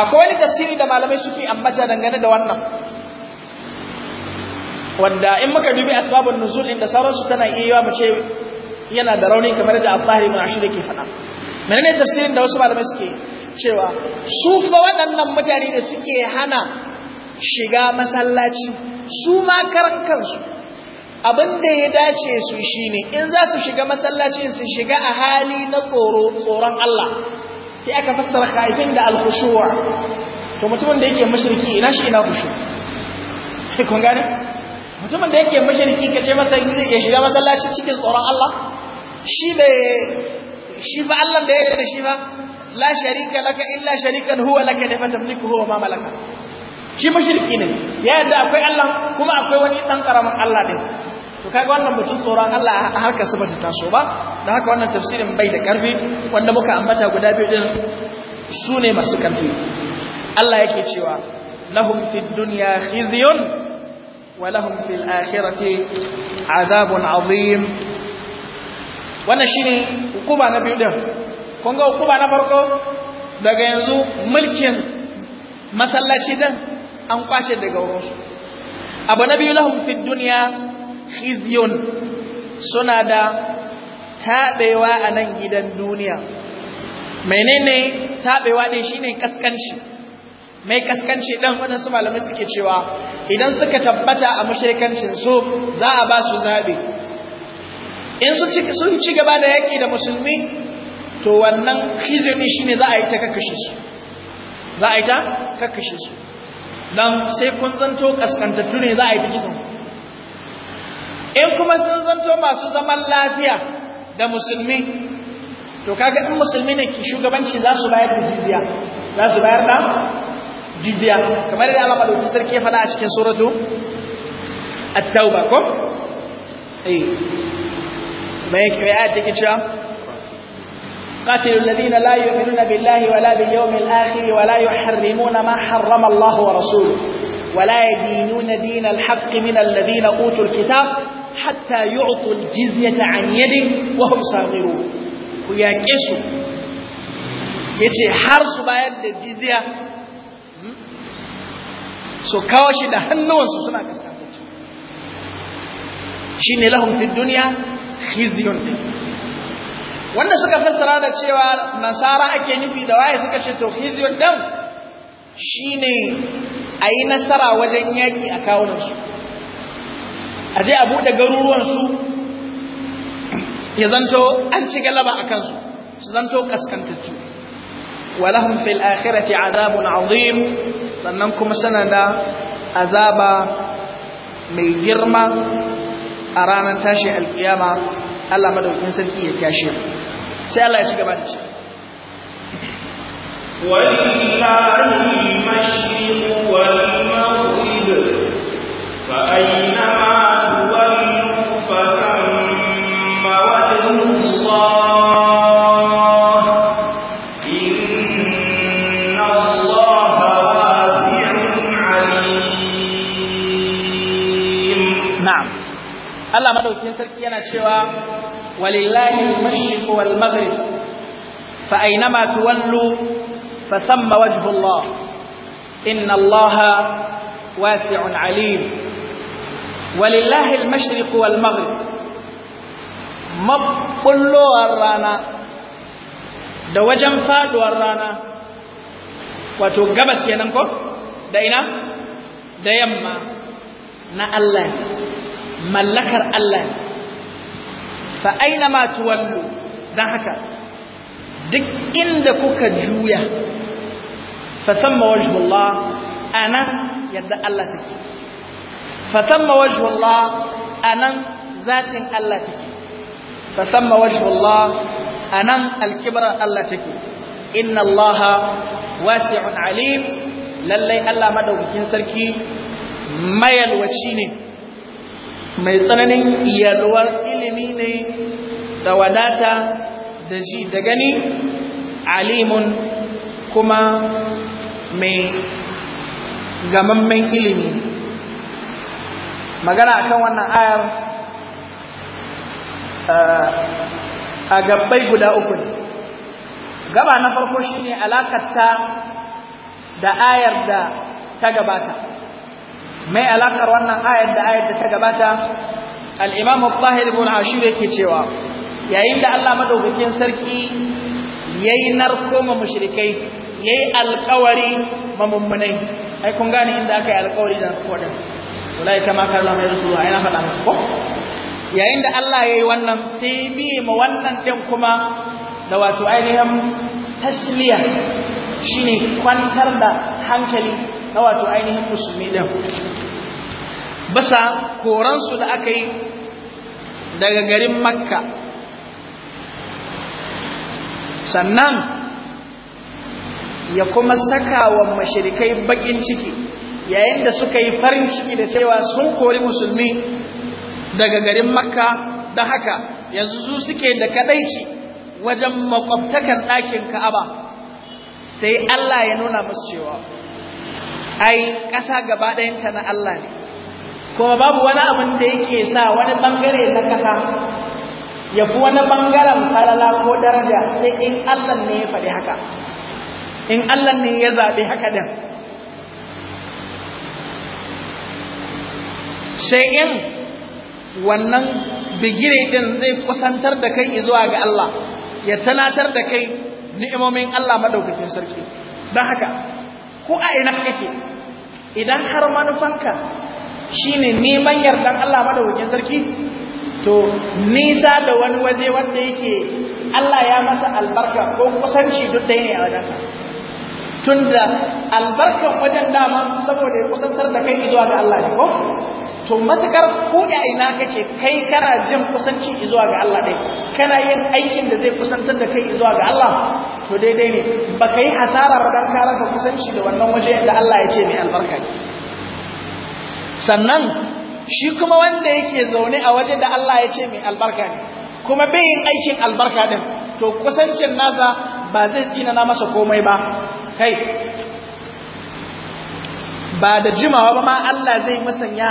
akwai wani tasiri da malamai su fi ambata dangane da wannan wanda in muka dubi asbabun nuzul inda sauransu tana iya mu ce yana da rauni kamar da Abdullahi ibn Ashir yake faɗa menene tafsirin da wasu malamai suke cewa su fa waɗannan mutane da suke hana shiga masallaci su ma karan kansu abin da ya dace su shine in za su shiga masallacin su shiga a hali na tsoro tsoron Allah sai aka fassara khaifin da al-khushu'a to mutumin da yake mushriki ina shi ina khushu kun gane mutumin da yake mushriki kace masa ya shiga masallaci cikin tsoron Allah shi bai shi ba Allah da ya da shi ba la sharika laka illa sharikan huwa laka da fatamliku huwa ma malaka shi mushriki ne ya yadda akwai Allah kuma akwai wani dan karamin Allah ne. to kaga wannan batun tsoron Allah a harkar su bata taso ba da haka wannan tafsirin bai da karfi wanda muka ambata guda biyu din sune masu karfi Allah yake cewa lahum fid dunya khizyun wa lahum fil akhirati azabun azim wannan shine hukuma na biyu din kun ga hukuma na farko daga yanzu mulkin masallaci din an kwace daga wurinsu abu na biyu lahum fid dunya khizyun suna da taɓewa a nan gidan duniya menene taɓewa ɗin shine kaskanci mai kaskanci ɗan waɗansu malamai suke cewa idan suka tabbata a mashirkancin su za a ba su zaɓe in sun ci gaba da yaƙi da musulmi to wannan khizyun shine za a yi ta kakashe su za a yi ta kakashe su don sai kun zanto kaskantattu ne za a yi ta kisan in kuma sun zanto masu zaman lafiya da musulmi to kaga in musulmi ne shugabanci za su bayar da jizya za su bayar da jizya kamar da Allah madaukakin sarki ya a cikin suratu at-tauba ko eh mai kiyaya take cewa قاتلوا الذين لا يؤمنون بالله ولا باليوم الآخر ولا يحرمون ما حرم الله ورسوله ولا يدينون دين الحق من الذين أوتوا الكتاب hatta yu'tu al-jizyata an yadin wa hum ku yaƙe su yace har su bayar da jizya hmm, so kawo shi da hannuwansu suna kasance shine lahum fid dunya khizyun wanda suka fassara da cewa nasara ake nufi da waye suka ce to khizyun dan shine ayi nasara wajen yaki a kawunansu a je a buɗe garuruwansu ya zanto an ci galaba a kansu su zanto kaskantattu Walahun fil akhirati azabun azim sannan kuma sanada azaba mai girma a ranar tashi alkiyama Allah madaukin sarki ya tashi sai Allah ya ci gaba da shi walillahi mashriqu Allah madaukakin sarki yana cewa walillahi al-mashriq wal maghrib fa aynama tuwallu fa thamma wajhu Allah inna Allah wasi'un alim walillahi al-mashriq wal maghrib mabullowar rana da wajen faduwar rana wato gabas kenan ko da ina da yamma na Allah mallakar Allah ne fa aina ma tuwallu dan haka duk inda kuka juya fa thamma wajhullah anan yadda Allah take fa thamma wajhullah anan zatin Allah take fa thamma wajhullah anan alkibran Allah take inna Allah wasi'un alim lallai Allah madaukakin sarki mayalwaci ne mai tsananin yalwar ilimi ne da wadata da ji da gani alimun kuma mai gamammen ilimi magana akan wannan ayar eh, a gabbai guda uku ne gaba na farko shine alakar ta da ayar da ta gabata mai alakar wannan ayar da ayar da ta gabata al-imam al-tahir ibn ashir yake cewa yayin da Allah madaukakin sarki yayi narko ma mushrikai yayi alƙawari ma mummunai ai kun gane inda aka yi alƙawari da narko din wallahi kama kar Allah mai rusuwa ai na faɗa muku ko yayin da Allah yayi wannan sai bi ma wannan din kuma da wato ainihin tasliya shine kwantar da hankali na wato ainihin musulmi ɗin bisa koransu da aka yi daga garin makka sannan ya kuma saka wa mashirikai bakin ciki yayin da suka yi farin ciki da cewa sun kori musulmi daga garin makka da haka yanzu su suke da kadaici wajen makwabtakan ɗakin ka'aba sai Allah ya nuna musu cewa ai ƙasa gaba ɗayanta na Allah ne kuma babu wani abin da yake sa wani bangare na ƙasa ya fi wani bangaren falala ko daraja sai in Allah ne ya faɗi haka in Allah ne ya zaɓi haka din sai in wannan bigire ɗin zai kusantar da kai zuwa ga Allah ya tanatar da kai ni'imomin Allah maɗaukacin sarki don haka ko a ina kake idan har manufanka shine neman yardan Allah wajen sarki to nisa da wani waje wanda yake Allah ya masa albarka ko kusanci duk da ne a wajen tunda albarkan wajen dama saboda ya kusantar da kai zuwa ga Allah ne ko to matakar ko da ina kake kai kana jin kusanci zuwa ga Allah dai kana yin aikin da zai kusantar da kai zuwa ga Allah to daidai ne ba yi hasara ba dan ka rasa kusanci da wannan waje da Allah ya ce mai albarka sannan shi kuma wanda yake zaune a waje da Allah ya ce mai albarka ne kuma bai yin aikin albarka din to kusancin nasa ba zai tsinana masa komai ba kai ba da jimawa ba ma Allah zai masanya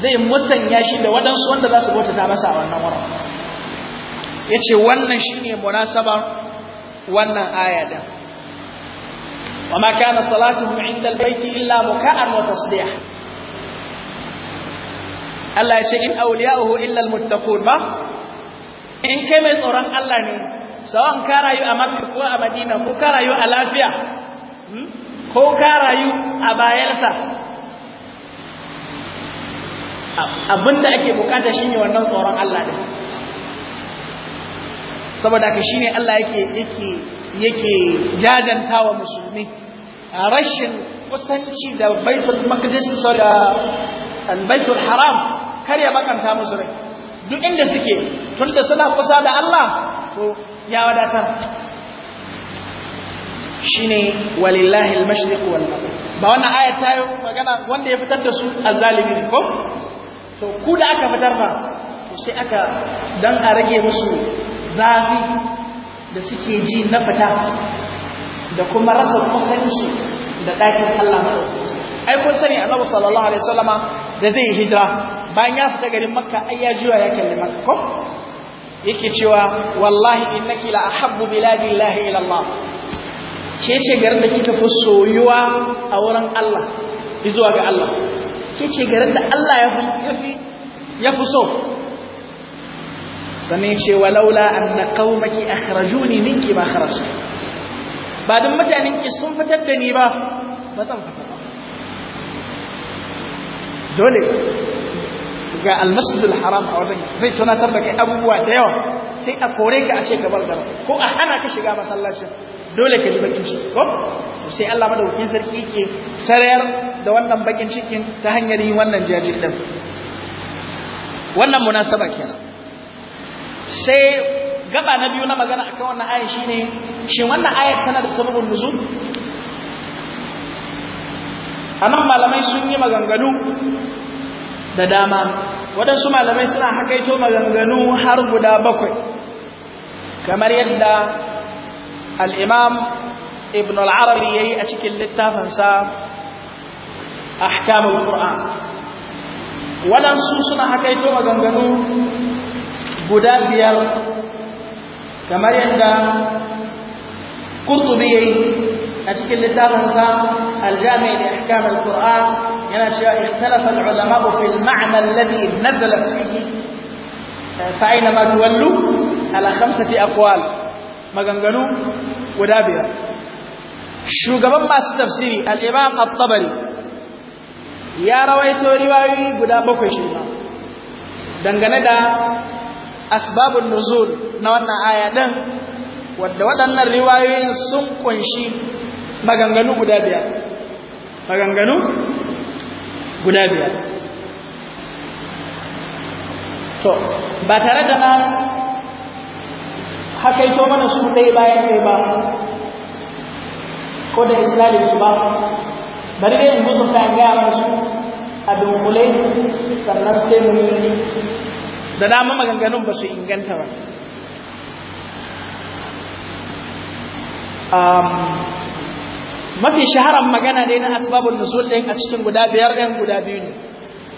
zai musanya shi da waɗansu wanda za su bauta masa a wannan wurin ya ce wannan shi ne munasabar wannan aya wa ma kana salatuhum inda albayti illa muka'an wa tasbih Allah ya ce in awliya'uhu illa almuttaqun ba in kai mai tsoron Allah ne sawan ka rayu a Makka ko a Madina ko ka rayu a lafiya hmm, ko ka rayu a bayelsa abinda ake bukata shine wannan tsoron Allah din saboda haka shine Allah yake yake yake jajantawa musulmi rashin kusanci da baitul maqdis uh, da baitul haram kar ya bakanta musu rai duk inda suke tunda suna kusa da Allah to ya wadatar shine walillahi al-mashriq wal maghrib ba wannan ayat ta magana wanda ya fitar da su azzalimi ko to ku da aka fitar ba to sai aka dan a rage musu zafi da suke ji na fita da kuma rasa kusanci da ɗakin Allah na ai kun sani annabi sallallahu alaihi wasallama da zai yi hijira bayan ya fita garin makka ai ya jiwa ya kalli makka ko yake cewa wallahi innaki la ahabbu biladillahi ila Allah ke ce garin da kika fi soyuwa a wurin Allah zuwa ga Allah ke ce ga da Allah ya fi so sannan ce walaula anna qaumaki maki a ma ninki ba dan mutanen ki sun fitar da ni ba ba zan ba dole ga almasjid alharam a wajen zai tunatar da kai abubuwa da yawa sai a kore ka a ce ka bar ko a hana ka shiga masallacin dole ka ji bakin ciki ko sai Allah madaukakin sarki yake sarayar da wannan bakin cikin ta hanyar yin wannan jajir din wannan munasaba kenan sai gaba na biyu na magana akan wannan ayan shine shin wannan ayat tana da sababin nuzul anan malamai sun yi maganganu da dama waɗansu malamai suna hakaito maganganu har guda bakwai kamar yadda الإمام ابن العربي يأتيك اللتا فنسا أحكام القرآن ولن سوسنا حكيتو مغنغنو قدا بيال كما يندا قرطبي أتيك اللتا فنسا الجامع لأحكام القرآن يعني اختلف العلماء في المعنى الذي نزلت فيه فأينما تولوا على خمسة أقوال maganganu guda biyar shugaban masu tafsiri al-imam tabari ya rawaito riwayoyi guda bakwai shi dangane da asbabun nuzul na wannan aya wadda waɗannan riwayoyin sun kunshi maganganu guda biyar maganganu guda biyar to ba tare da na ito mana su ɗaya bayan ɗaya ba ko da islamin su ba bari dai in gudun ta gaya mana su a dunkule sannan sai mu da dama maganganun ba su inganta ba mafi shaharar magana ne na da nuzul ɗin a cikin guda biyar ɗin guda biyu ne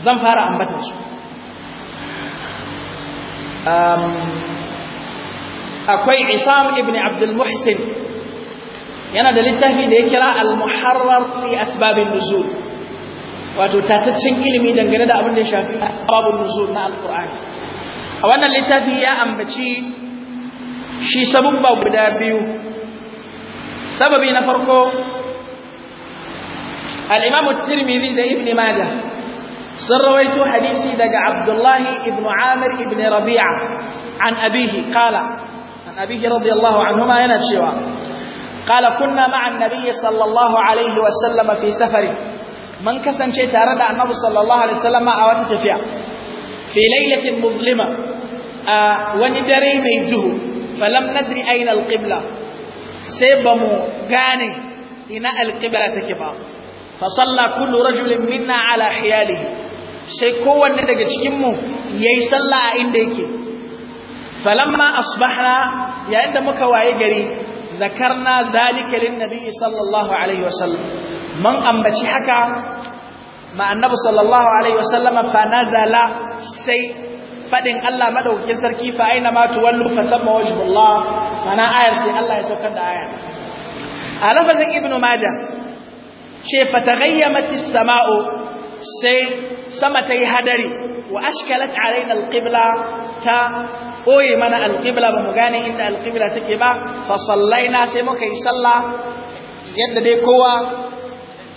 zan fara ambatar su akwai isam ibn abdul muhsin yana da littafi da ya kira al-muharrar fi asbabin nuzul wato tataccen ilimi dangane da abin da ya shafi asbabun nuzul na alqur'ani a wannan littafi ya ambaci shi sabubba guda biyu sababi na farko al-imam at-tirmidhi da ibn majah sun rawaito hadisi daga abdullahi ibn amir ibn rabi'a an abihi qala abihi radiyallahu anhuma yana cewa qala kunna ma'a an sallallahu alaihi wa sallam fi safari man kasance tare da annabi sallallahu alaihi wasallam a wata tafiya fi lailatin muzlima a wani dare mai duhu falam nadri aina al-qibla sai bamu gane ina al-qibla take ba fa salla kullu rajulin minna ala hiyalihi sai kowanne daga cikin mu yayi sallah a inda yake فلما أصبحنا يا عند مكواي قري ذكرنا ذلك للنبي صلى الله عليه وسلم من أم بشحك مع النبي صلى الله عليه وسلم فنزل سي فدن الله مدو كسر كيف أينما تولوا فثم وجه الله فنا آية الله يسوك أنت آية ألفز ابن ماجه شيء فتغيمت السماء sai sama ta yi hadari wa ashkalat alaina alqibla ta koye mana alqibla ba mu gane inda alqibla take ba fa sallaina sai muka yi sallah yadda dai kowa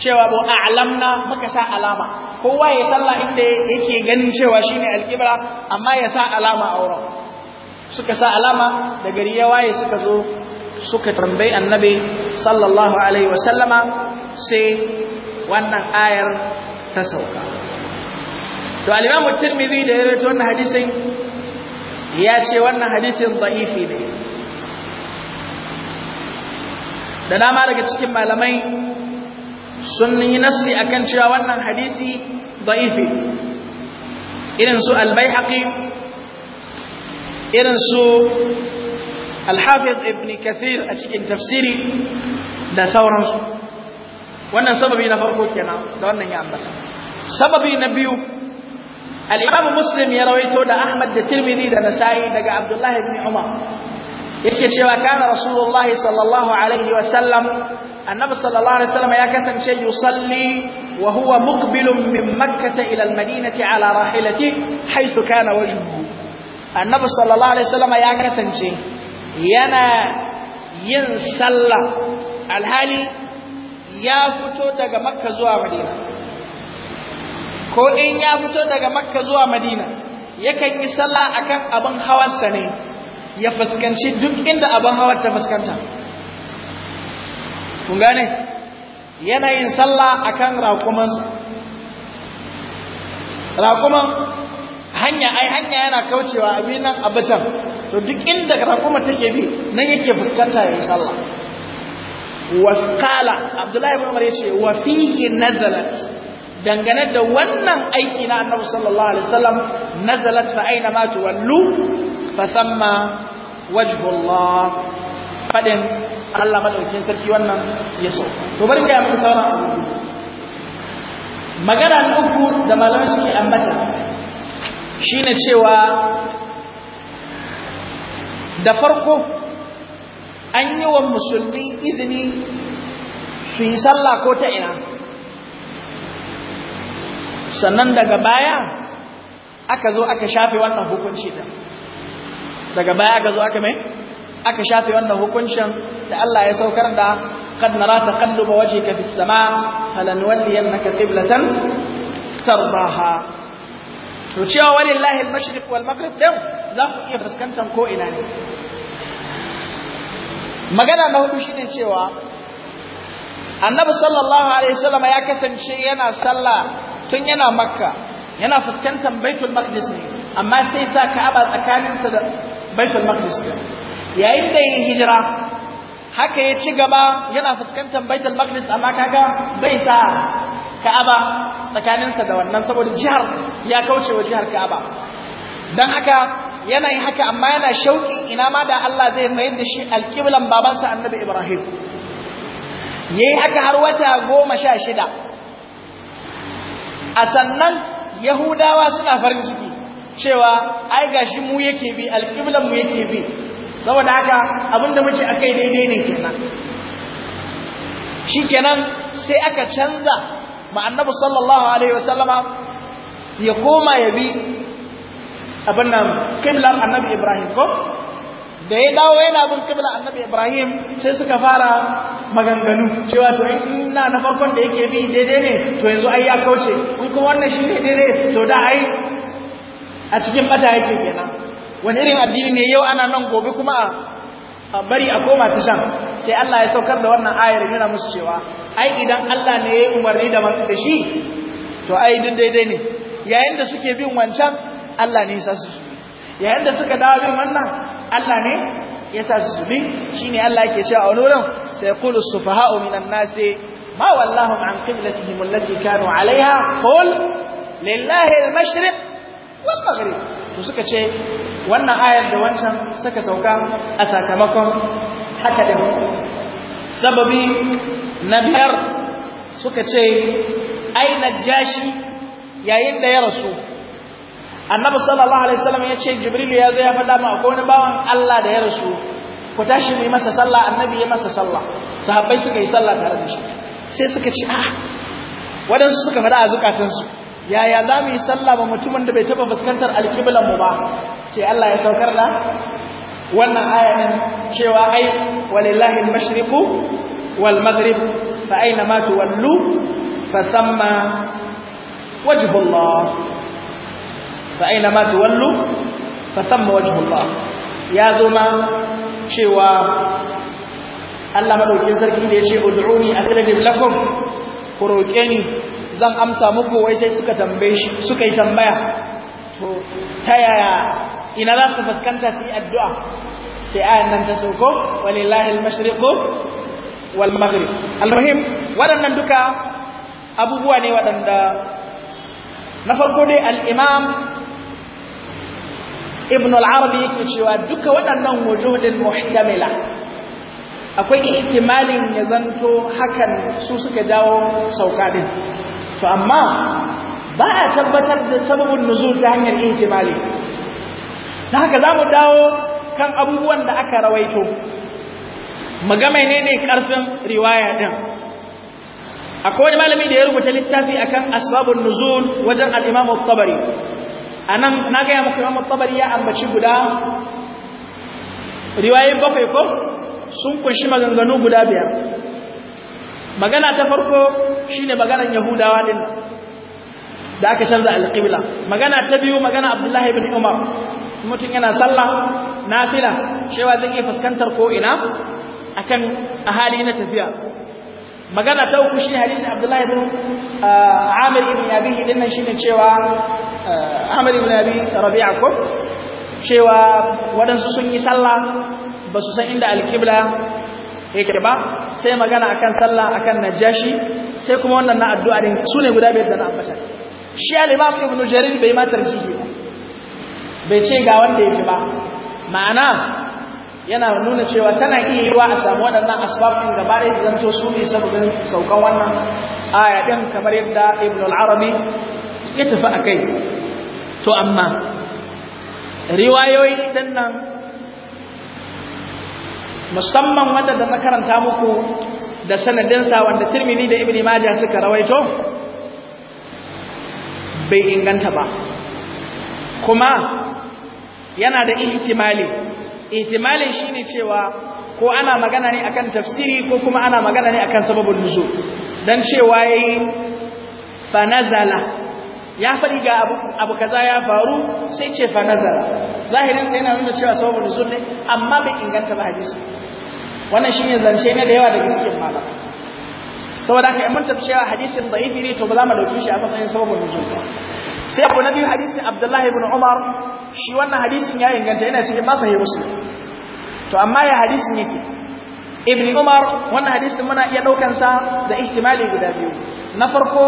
cewa ba a'lamna muka sa alama kowa ya sallah inda yake ganin cewa shine alqibla amma ya sa alama a wurin suka sa alama da gari ya waye suka zo suka tambayi annabi sallallahu alaihi wa sallama sai wannan ayar ta sauka to al-imamu tirmidhi da ya rawaito wannan hadisin ya ce wannan hadisin da'ifi ne da dama daga cikin malamai sun yi nassi akan cewa wannan hadisi da'ifi irin su al-baihaqi irin su al-hafiz ibn kathir a cikin tafsiri da sauransu wannan sababi na farko kenan da wannan ya ambata sababi na biyu al Muslim ya rawaito da Ahmad da Tirmidhi da Nasa'i daga abdullahi ibn Umar yake cewa kana Rasulullahi sallallahu alaihi wa sallam annabi sallallahu alaihi wa sallam ya kasance yusalli wa huwa muqbilun min Makkah ila al-Madinati ala rahilati haythu kana wajhuhu annabi sallallahu alaihi wa sallam ya kasance yana yin sallah alhali ya fito daga Makka zuwa Madina ko in ya fito daga makka zuwa madina yakan yi sallah akan abin hawarsa ne ya fuskanci duk inda abin hawar ta fuskanta kun gane yana yin sallah akan raƙumansa raƙuman hanya ai hanya yana kaucewa abin nan a bacan to duk inda raƙuma take bi nan yake fuskanta ya yi sallah wa qala abdullahi ibn umar yace wa fihi nazalat dangane da wannan aiki na annabi sallallahu alaihi wasallam nazalat fa aina ma tuwallu fa thamma wajhu Allah fadin Allah madaukin sarki wannan ya so to bari ga mu saura magana uku da malaman suke ambata shine cewa da farko an yi wa musulmi izini su yi sallah ko ta ina sannan daga baya aka zo aka shafe wannan hukunci da, daga baya aka zo aka mai aka shafe wannan hukuncin da Allah ya saukar da qad nara taqalluba wajhika fis samaa falanwalliyannaka qiblatan tardaha to cewa walillahi al-mashriq wal maghrib din za ku iya fuskantar ko ina ne magana na hudu shine cewa annabi sallallahu alaihi wasallam ya kasance yana sallah tun yana makka yana fuskantar baitul maqdis ne amma sai sa ka'aba tsakaninsa da baitul maqdis yayin da yin hijira haka ya ci gaba yana fuskantar baitul maqdis amma kaga bai sa ka'aba tsakaninsa da wannan saboda jihar ya kauce wa jihar ka'aba dan haka yana yin haka amma yana shauki ina ma da Allah zai mayar da shi alƙiblan babansa annabi Ibrahim yayi haka har wata goma sha shida a sannan yahudawa suna farin ciki cewa ai gashi mu yake bi alƙiblan mu yake bi saboda haka abinda muke akai daidai ne kenan shikenan sai aka canza ma annabi sallallahu alaihi wasallama ya koma ya bi abin nan annabi ibrahim ko da ya dawo yana bin kibla annabi ibrahim sai suka fara maganganu cewa to ina na farkon da yake bi daidai ne to yanzu ai ya kauce in kuma wannan shi ne daidai to da ai a cikin bata yake kenan wani irin addini ne yau ana nan gobe kuma a bari a koma ta shan sai Allah ya saukar da wannan ayar yana musu cewa ai idan Allah ne ya yi umarni da da shi to ai duk daidai ne yayin da suke bin wancan Allah ne ya sa su yayin da suka dawo bin wannan Allah ne ya sa su shi ne Allah yake cewa a wani wurin sai qulu sufaha'u minan nasi ma wallahu an qiblatihim allati kanu 'alayha qul lillahi al-mashriq wal gari. to suka ce wannan ayar da wancan suka sauka a sakamakon haka da sababi na biyar suka ce ai jashi yayin da ya rasu annabi sallallahu alaihi wasallam ya ce jibrilu ya zo ya faɗa ma akwai wani bawan Allah da ya rasu ku tashi mu yi masa sallah annabi ya masa sallah sahabbai suka yi sallah tare da shi sai suka ce a waɗansu suka faɗa a zukatansu yaya za mu yi sallah ba mutumin da bai taɓa fuskantar alƙiblan mu ba sai Allah ya saukar da wannan ayanin cewa ai walillahi al-mashriqu wal maghrib fa aina ma tuwallu fa thamma wajhullah fa aina ma tuwallu fa thamma wajhullah ya zo ma cewa Allah madaukin sarki da yace ud'uni astajib lakum ku roke ni zan amsa muku wai sai suka tambaye shi suka yi tambaya to ta yaya ina za su fuskanta su yi addu'a sai ayan nan ta sauko walillahi al-mashriqu wal maghrib al-muhim waɗannan duka abubuwa ne waɗanda na farko dai al-imam ibn al yake cewa duka waɗannan wujudin muhtamila akwai ihtimalin ya zanto hakan su suka jawo sauka din to amma ba a tabbatar da sababin nuzul ta hanyar ihtimali ta haka za mu dawo kan abubuwan da aka rawaito ne ne karfin riwaya ɗin? akwai wani malami da ya rubuta littafi akan asbabun nuzul wajen al tabari anan na gaya muku Imam Tabari ya ambaci guda riwaye bakwai ko sun kunshi maganganu guda biyar magana ta farko shine maganar Yahudawa din da aka canza alqibla magana ta biyu magana Abdullahi ibn Umar mutum yana sallah nafila cewa zai iya fuskantar ko ina akan ahali na tafiya magana ta uku shine hadisin Abdullah ibn uh, Amir ibn Abi Idan nan shine cewa uh, Amir ibn Abi Rabi'a ko cewa wadansu sun yi sallah ba su san inda alqibla yake ba sai magana akan sallah akan najashi sai kuma wannan na addu'a din Su ne guda biyar da na ambata shi al-Imam Ibn Jarir bai ma tarjihi ba bai ce ga wanda yake ba ma'ana yana nuna cewa tana iya yi yiwa a samu waɗannan asbabin gaba da zanto su ne saboda saukan wannan aya ɗin kamar yadda ibn al-arabi ya tafi a kai to amma riwayoyi ɗin nan musamman wanda da na karanta muku da sanadinsa wanda turmini da ibn majah suka rawaito bai inganta ba kuma yana da ihtimali ihtimalin shine cewa ko ana magana ne akan tafsiri ko kuma ana magana ne akan sababul nuzul dan cewa yayi fa nazala ya fadi ga abu abu kaza ya faru sai ce fa nazala zahirin sai yana nuna cewa sababul nuzul ne amma bai inganta ba hadisi wannan shine zance ne da yawa daga cikin malama saboda haka in mun tafi cewa hadisin da'ifi ne to ba za mu dauke shi a matsayin sababul nuzul ba sai abu na biyu hadisin abdullahi ibn umar shi wannan hadisin ya inganta yana cikin masa ya musu to amma ya hadisin yake ibn umar wannan hadisin muna iya ɗaukansa da ihtimali guda biyu na farko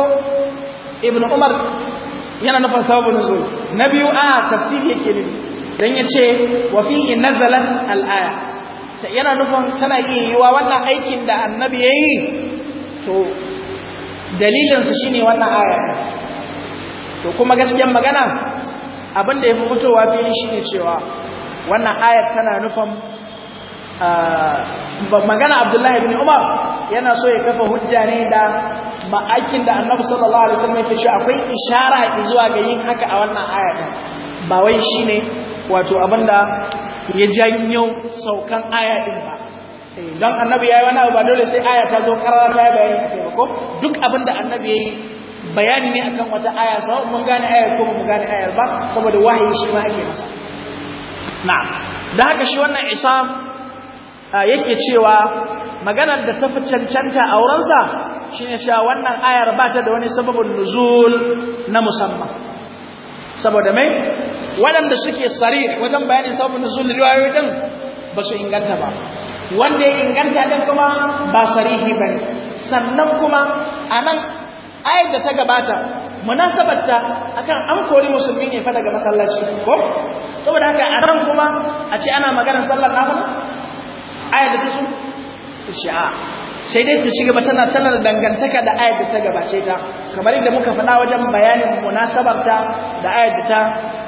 ibn umar yana nufin na nuzul na biyu a tafsiri yake ne dan ya ce wa fihi nazalat al-aya yana nufin tana iya yiwa wannan aikin da annabi yayi to dalilinsa shine wannan aya to kuma gaskiyar magana abin da ya fi fitowa fili shine cewa wannan ayat tana nufin magana abdullahi bin umar yana so ya kafa hujja ne da ma'akin da annabi sallallahu alaihi wasallam yake cewa akwai ishara zuwa ga yin haka a wannan aya din ba wai shine wato abinda ya janyo saukan aya din ba eh, don annabi yayi wani abu ba dole sai aya ta zo karar ta bayani ko duk abinda annabi yayi bayani ne akan wata aya sawa mun gane ayar ko mun gane ayar ba saboda wahayi shi ma ake masa na'am da haka shi wannan isa ah, yake cewa maganar da ta fi cancanta a sa shine cewa wannan ayar ba ta da wani sababin nuzul na musamman saboda mai waɗanda suke sari wajen bayanin sababin nuzul riwayoyin din ba su inganta ba wanda ya inganta din kuma ba sarihi bane sannan kuma a nan ayar da ta gabata munasabarta akan an kori musulmi ne fa daga masallaci ko saboda haka a ran kuma a ce ana maganar sallar nafila ayar da ta shi'a sai dai ta cigaba tana tana dangantaka da ayar da ta gabace ta kamar yadda muka faɗa wajen bayanin munasabarta da ayar da ta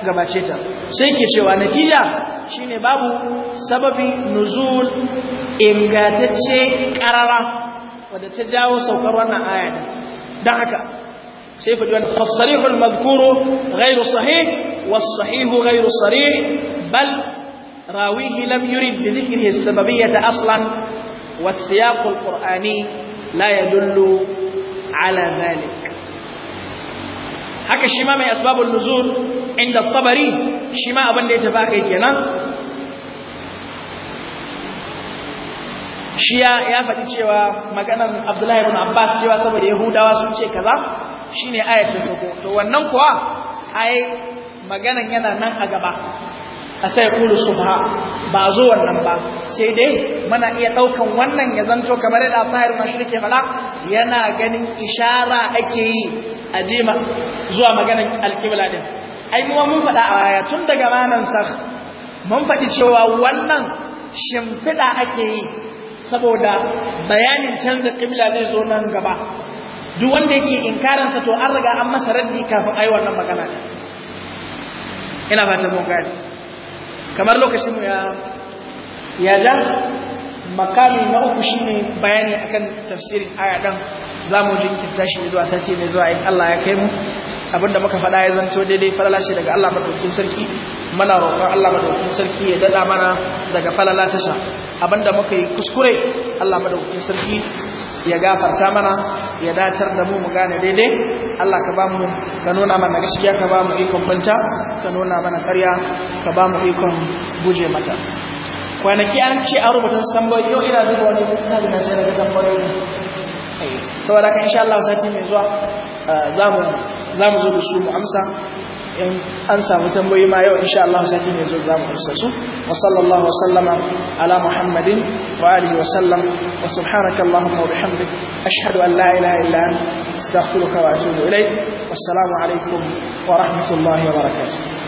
gabace ta sai ke cewa natija shine babu sababi nuzul ingantacce karara wadda ta jawo saukar wannan aya دعك سيف الجوان فالصريح المذكور غير صحيح والصحيح غير صريح بل راويه لم يرد بذكره السببية أصلا والسياق القرآني لا يدل على ذلك هكا الشمامة أسباب النزول عند الطبري شماء بن يتفاقه shiya ya faɗi cewa maganar Abdullahi ibn Abbas cewa saboda Yahudawa sun ce kaza shine ayar ta sako to wannan kuwa ai maganan yana nan a gaba a sai kulu subha ba zo wannan ba sai dai muna iya ɗaukan wannan ya zanto kamar da fahir ibn Ashir yana ganin ishara ake yi a jima zuwa maganan alkibla din ai mu mun faɗa a baya tun daga ranar sa mun faɗi cewa wannan shimfiɗa ake yi saboda bayanin canza ƙibla zai zo nan gaba duk wanda yake inkaransa to an riga an masa raddi kafin ai wannan magana ina ba ta mun gani kamar lokacin ya ya ja makami na uku shine bayani akan tafsirin aya zamu jinkinta shi zuwa sati mai zuwa in Allah ya kai mu abinda muka faɗa ya zanto daidai falala shi daga Allah madaukakin sarki muna roƙon Allah madaukakin sarki ya dada mana daga falala tasha abinda muka yi kuskure Allah madaukakin sarki ya gafarta mana ya dacar da mu mu gane daidai Allah ka bamu ka nuna mana gaskiya ka bamu ikon banta ka nuna mana ƙarya ka bamu ikon guje mata kwanaki an ce an rubuta su tambayoyi yau ina duba wani kuma da sai daga tambayoyi saboda kan insha Allah sati mai zuwa eh, za mu za mu zo da su mu amsa in an samu tambayi ma yau insha Allah sati ne zo za mu amsa su wa sallallahu wa sallama ala muhammadin wa alihi wa sallam wa subhanaka allahumma wa bihamdik ashhadu an la ilaha illa anta astaghfiruka wa atubu ilayk wassalamu alaikum wa rahmatullahi wa barakatuh